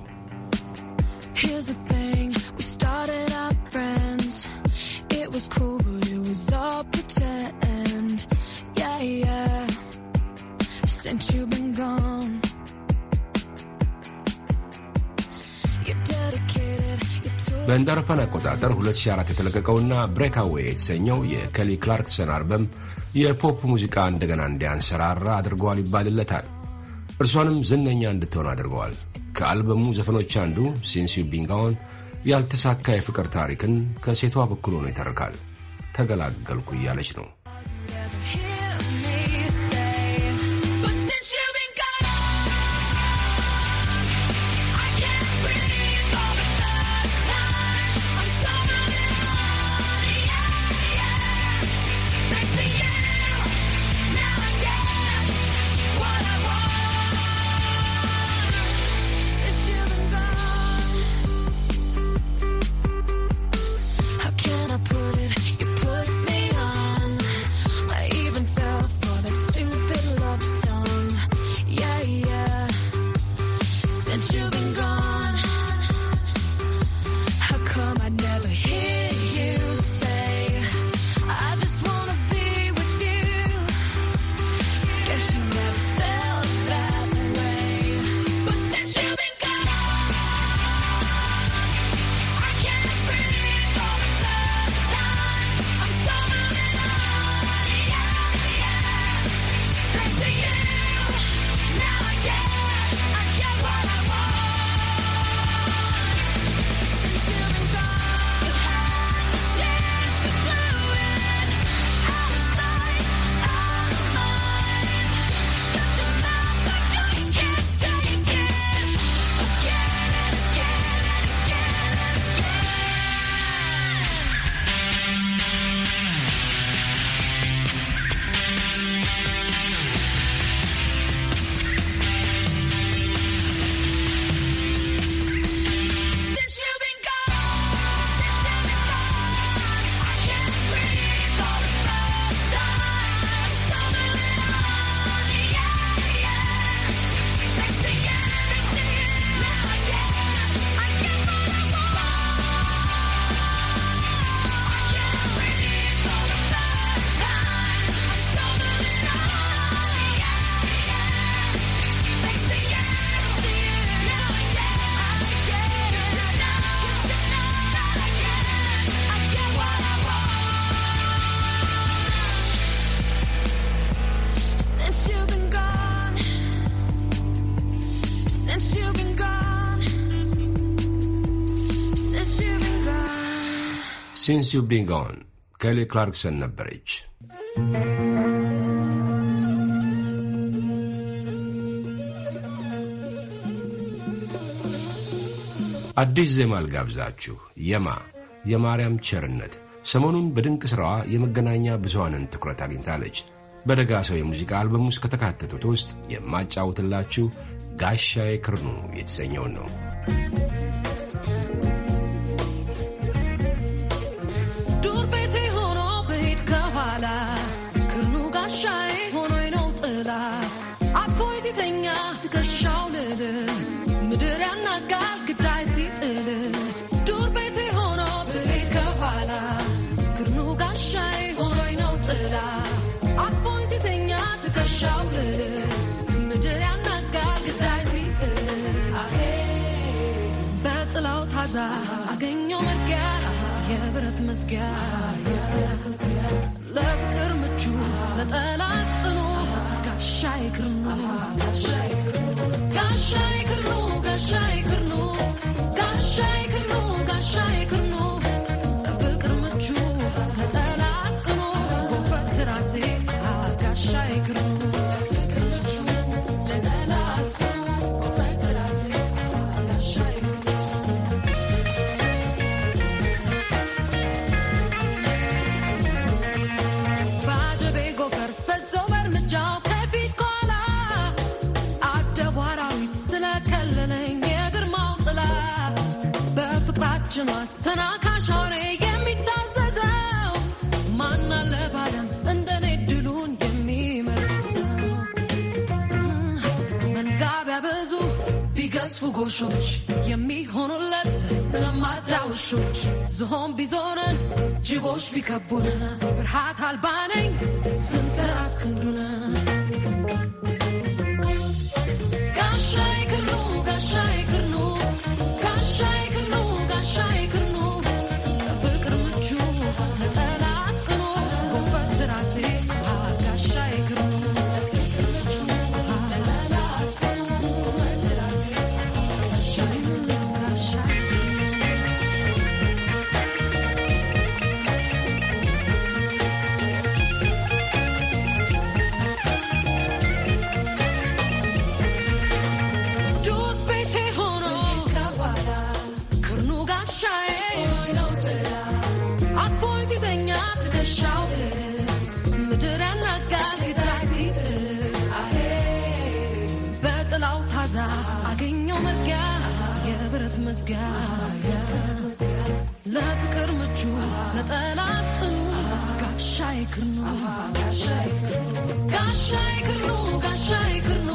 በእንደ አውሮፓን አቆጣጠር 2004 የተለቀቀውና ብሬካዌይ የተሰኘው የኬሊ ክላርክሰን አልበም የፖፕ ሙዚቃ እንደገና እንዲያንሰራራ አድርገዋል ይባልለታል። እርሷንም ዝነኛ እንድትሆን አድርገዋል። ከአልበሙ ዘፈኖች አንዱ ሲንሲ ቢንጋውን ያልተሳካ የፍቅር ታሪክን ከሴቷ በኩል ሆኖ ይተርካል። ተገላገልኩ እያለች ነው ሲንስ ዩ ቢን ጎን ከሌ ክላርክሰን ነበረች። አዲስ ዜማ አልጋብዛችሁ። የማ የማርያም ቸርነት ሰሞኑን በድንቅ ሥራዋ የመገናኛ ብዙሃንን ትኩረት አግኝታለች። በደጋ ሰው የሙዚቃ አልበም ውስጥ ከተካተቱት ውስጥ የማጫውትላችሁ ጋሻዬ ክርኑ የተሰኘውን ነው። ለፍቅር ምቹ ለጠላት ጽኑ ጋሻ ይክርኑ ጋሻ ይክርኑ ወዳጅ ማስተናካሽ ሆሬ ማናለ ባለም እንደኔ ድሉን የሚመልሰው መንጋቢ ብዙ ጎሾች የሚሆኑለት ለማዳ ውሾች ዝሆን ቢዞነን ጅቦች ቢከቡን ብርሃት አልባነኝ ስንትራስ ክንዱነ መዝጊያ ለፍቅር ምቹ ለጠላት ጥኑ ጋሻ ይክርኑ ጋሻ ይክርኑ ጋሻ ይክርኑ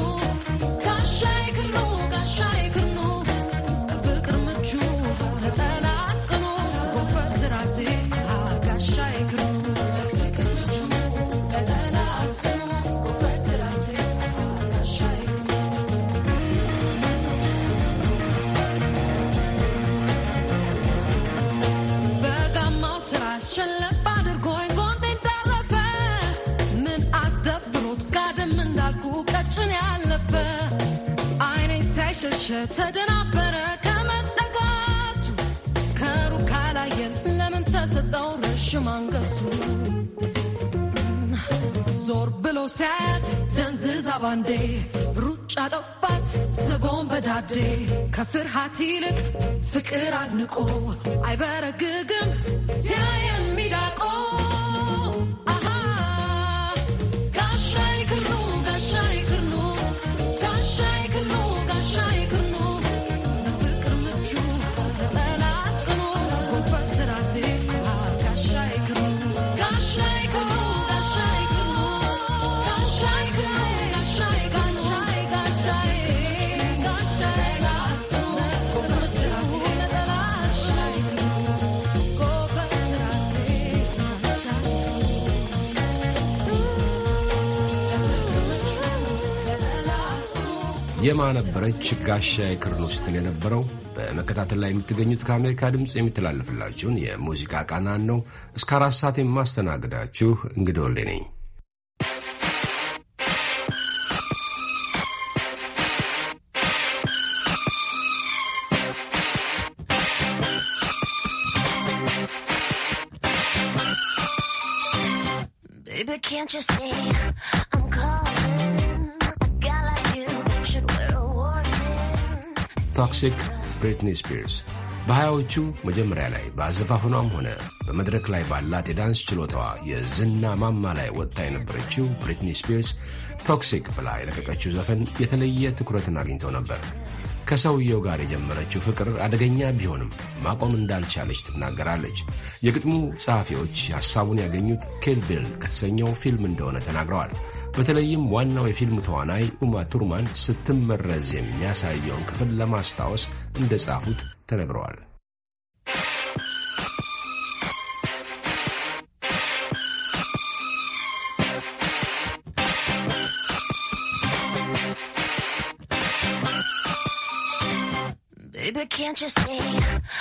ብሎ ሲያያት ደንዝዛ ባንዴ ሩጫ ጠፋት ስጎን በዳዴ ከፍርሃት ይልቅ ፍቅር አድንቆ አይበረግግም ሲያየን ሚዳቆ የማነበረች ጋሻ ክርኖስ ስትል የነበረው በመከታተል ላይ የምትገኙት ከአሜሪካ ድምፅ የሚተላለፍላችሁን የሙዚቃ ቃናን ነው። እስከ አራት ሰዓት የማስተናግዳችሁ እንግዳ ወልዴ ነኝ። ስትስቅ ብሪትኒ ስፒርስ በሀያዎቹ መጀመሪያ ላይ በአዘፋፍኗም ሆነ በመድረክ ላይ ባላት የዳንስ ችሎታዋ የዝና ማማ ላይ ወጥታ የነበረችው ብሪትኒ ስፒርስ ቶክሲክ ብላ የለቀቀችው ዘፈን የተለየ ትኩረትን አግኝቶ ነበር። ከሰውየው ጋር የጀመረችው ፍቅር አደገኛ ቢሆንም ማቆም እንዳልቻለች ትናገራለች። የግጥሙ ጸሐፊዎች ሐሳቡን ያገኙት ኬልቤል ከተሰኘው ፊልም እንደሆነ ተናግረዋል። በተለይም ዋናው የፊልም ተዋናይ ኡማ ቱርማን ስትመረዝ የሚያሳየውን ክፍል ለማስታወስ እንደ ጻፉት ተነግረዋል። can't you see?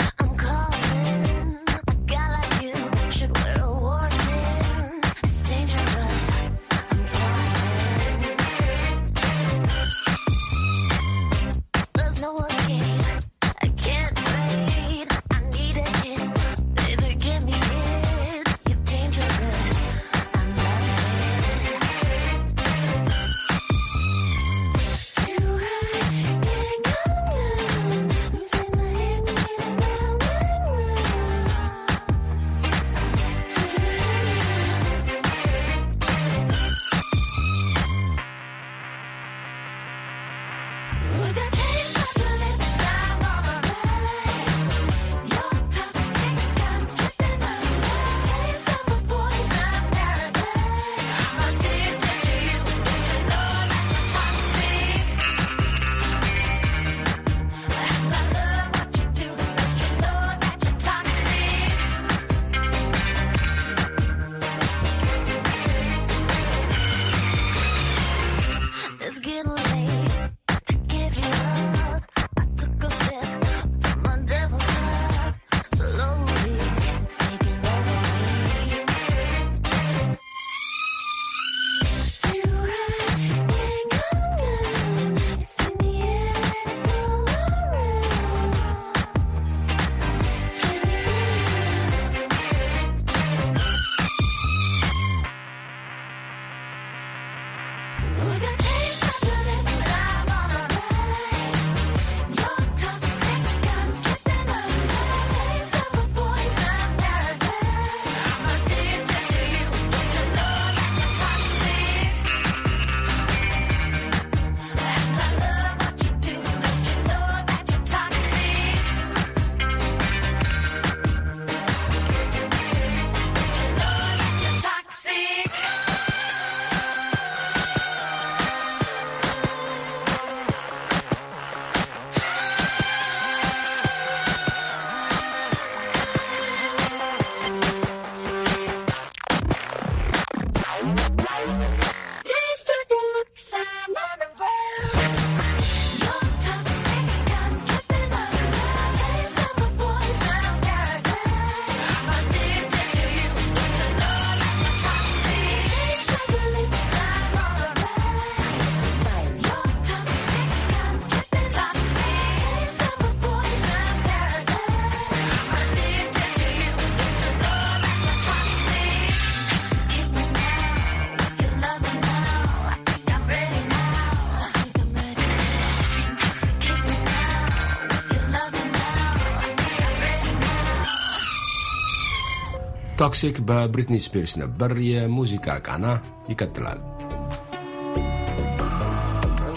ቶክሲክ በብሪትኒ ስፒርስ ነበር። የሙዚቃ ቃና ይቀጥላል።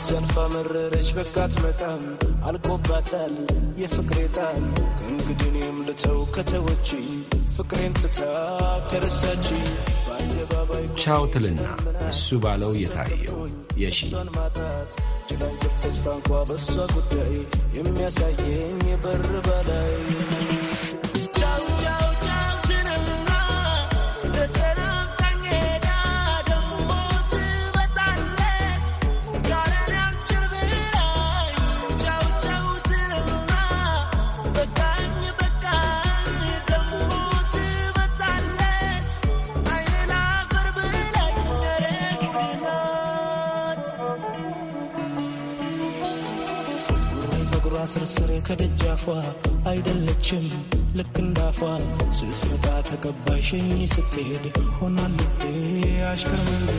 ሰንፋ መረረች በቃት መጣም አልቆባታል የፍቅሬ ጣም ከእንግዲኔም ልተው ከተወች ፍቅሬን ትታ ከረሳች በአደባባይ ቻው ትልና እሱ ባለው የታየው የሺ ጭላንጭል ተስፋ እንኳ በእሷ ጉዳይ የሚያሳየኝ የበር በላይ ከደጃፏ አይደለችም ልክ እንዳፏ ስትመጣ ተቀባይሸኝ ስትሄድ ሆናል ልቤ አሽከርመንዴ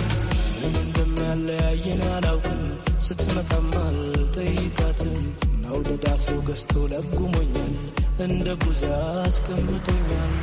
ምን እንደሚያለያየን አላውቅም ስትመጣም አልጠይቃትም ናውደዳ ሰው ገዝቶ ለጉሞኛል እንደ ጉዛ አስቀምጦኛል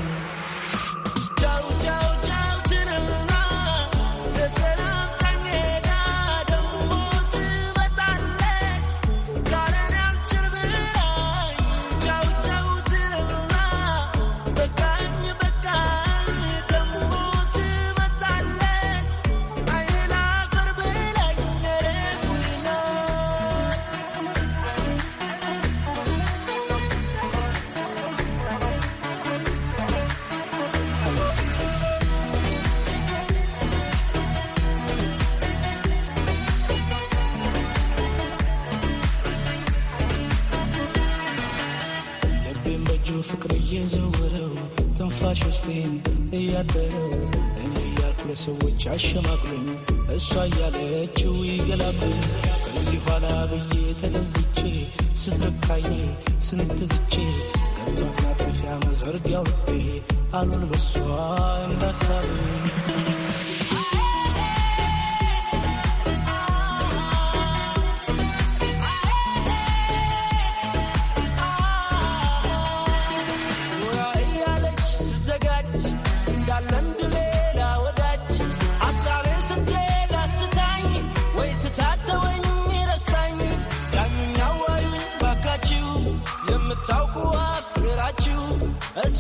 እየወረወረው ትንፋሽ ውስጤን እያደረው እኔ እያልኩ ለሰዎች አሸማቅሎኝ እሷ እያለችው ይገላብኝ ከዚህ ኋላ ብዬ ተገዝቼ ስትርካዬ ስንትዝቼ ገብቷ ማጠፊያ መዘርጊያ ልቤ አሉል በሷ እንዳሳብ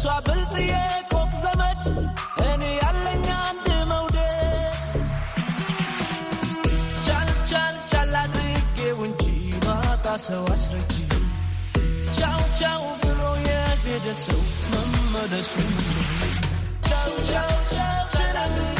እሷ ብልጥ የኮክ ዘመድ እኔ ያለኝ አንድ መውደድ ቻል ቻል ቻል አድርጌው እንጂ ማጣ ሰው አስረጅ ቻው ቻው ብሎ የሄደ ሰው መመለሱ ቻው ቻው ቻው ቻል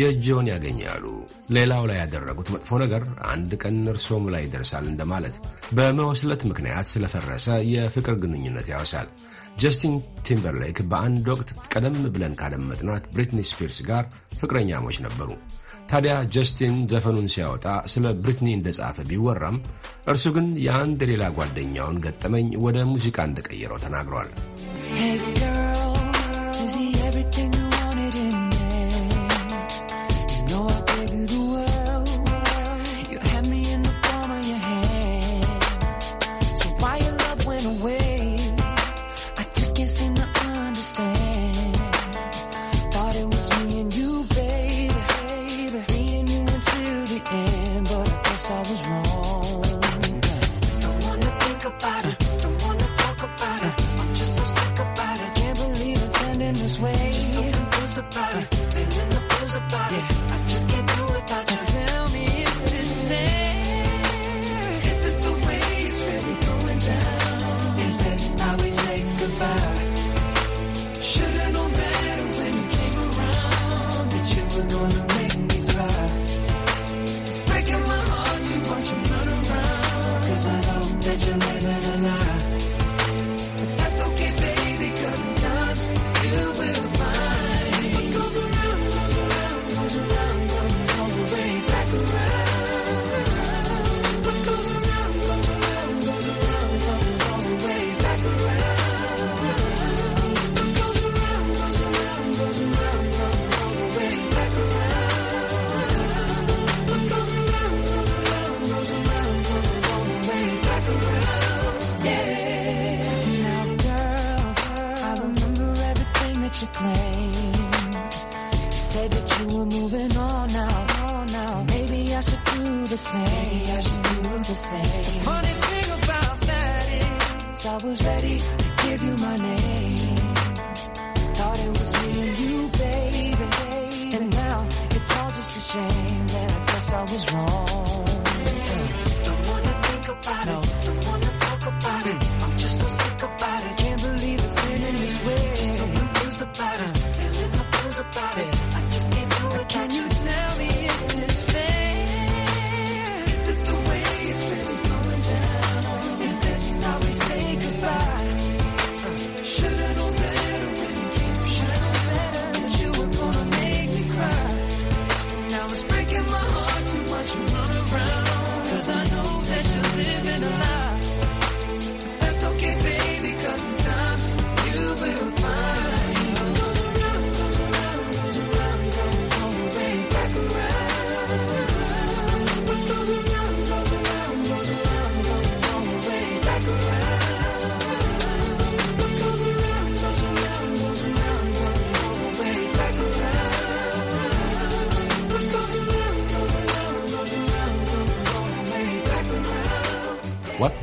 የእጅውን ያገኛሉ። ሌላው ላይ ያደረጉት መጥፎ ነገር አንድ ቀን እርሶም ላይ ይደርሳል እንደማለት። በመወስለት ምክንያት ስለፈረሰ የፍቅር ግንኙነት ያወሳል። ጀስቲን ቲምበርሌክ በአንድ ወቅት ቀደም ብለን ካደመጥናት ብሪትኒ ስፒርስ ጋር ፍቅረኛሞች ነበሩ። ታዲያ ጀስቲን ዘፈኑን ሲያወጣ ስለ ብሪትኒ እንደጻፈ ቢወራም እርሱ ግን የአንድ ሌላ ጓደኛውን ገጠመኝ ወደ ሙዚቃ እንደቀየረው ተናግሯል። the same. Maybe I should do the same. funny thing about that is I was ready to give you my name. Thought it was me and you, baby. And now it's all just a shame. And I guess I was wrong. Don't wanna think about no. it.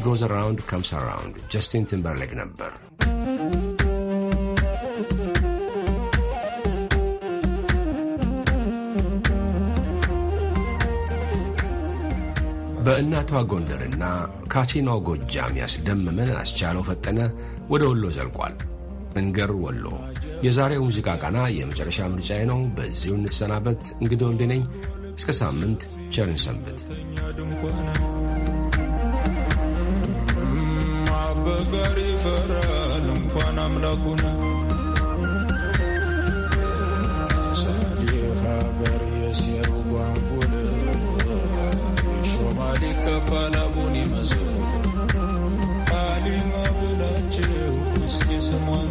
ጎዝ አራውንድ ከምስ አራውንድ ጀስቲን ቲምበርሌክ ነበር። በእናቷ ጎንደርና ካቴኗ ጎጃም ያስደመመን አስቻለው ፈጠነ ወደ ወሎ ዘልቋል። እንገር ወሎ የዛሬው ሙዚቃ ቃና የመጨረሻ ምርጫዬ ነው። በዚሁ እንሰናበት። እንግዲህ ወልድ ነኝ። እስከ ሳምንት ቸርን ሰንብት። ተቸጋሪ ይፈራል እንኳን አምላኩን ሳዲህ ሀገር የሴሩ ጓንጉል የሾማሊ ከባላቡን ይመስል አሊማ ብላችሁ እስኪ ስሟን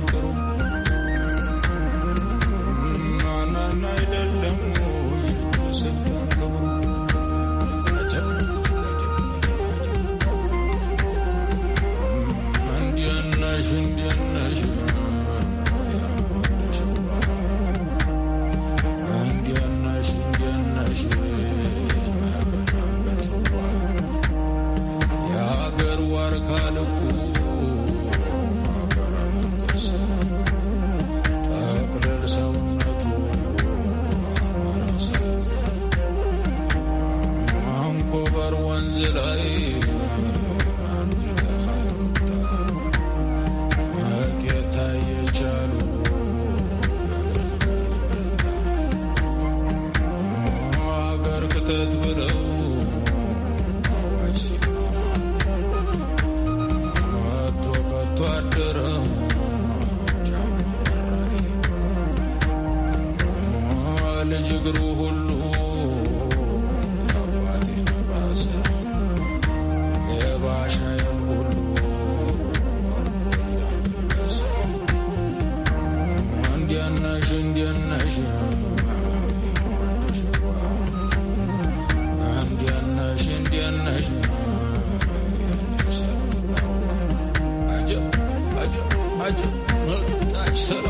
Hacı Mıhtaç'tır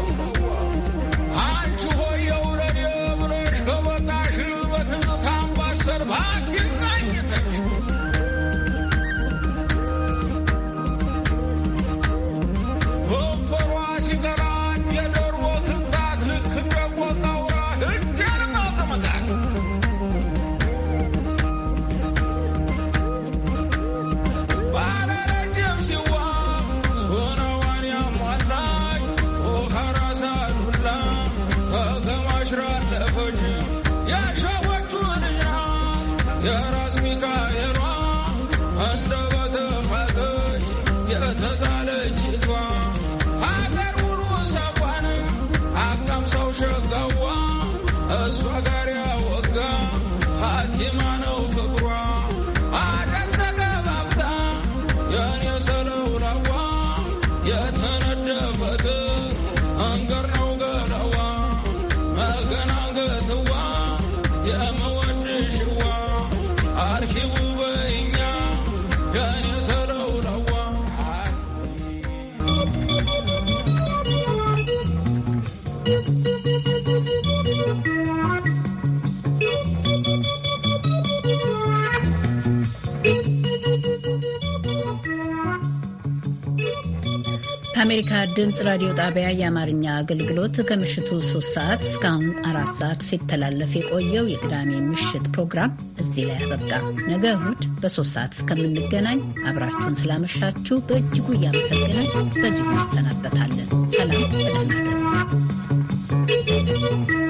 የአሜሪካ ድምፅ ራዲዮ ጣቢያ የአማርኛ አገልግሎት ከምሽቱ 3 ሰዓት እስካሁን አራት ሰዓት ሲተላለፍ የቆየው የቅዳሜ ምሽት ፕሮግራም እዚህ ላይ አበቃ። ነገ እሁድ በሶስት ሰዓት እስከምንገናኝ አብራችሁን ስላመሻችሁ በእጅጉ እያመሰገንን በዚሁ እንሰናበታለን። ሰላም፣ በደህና እደሩ።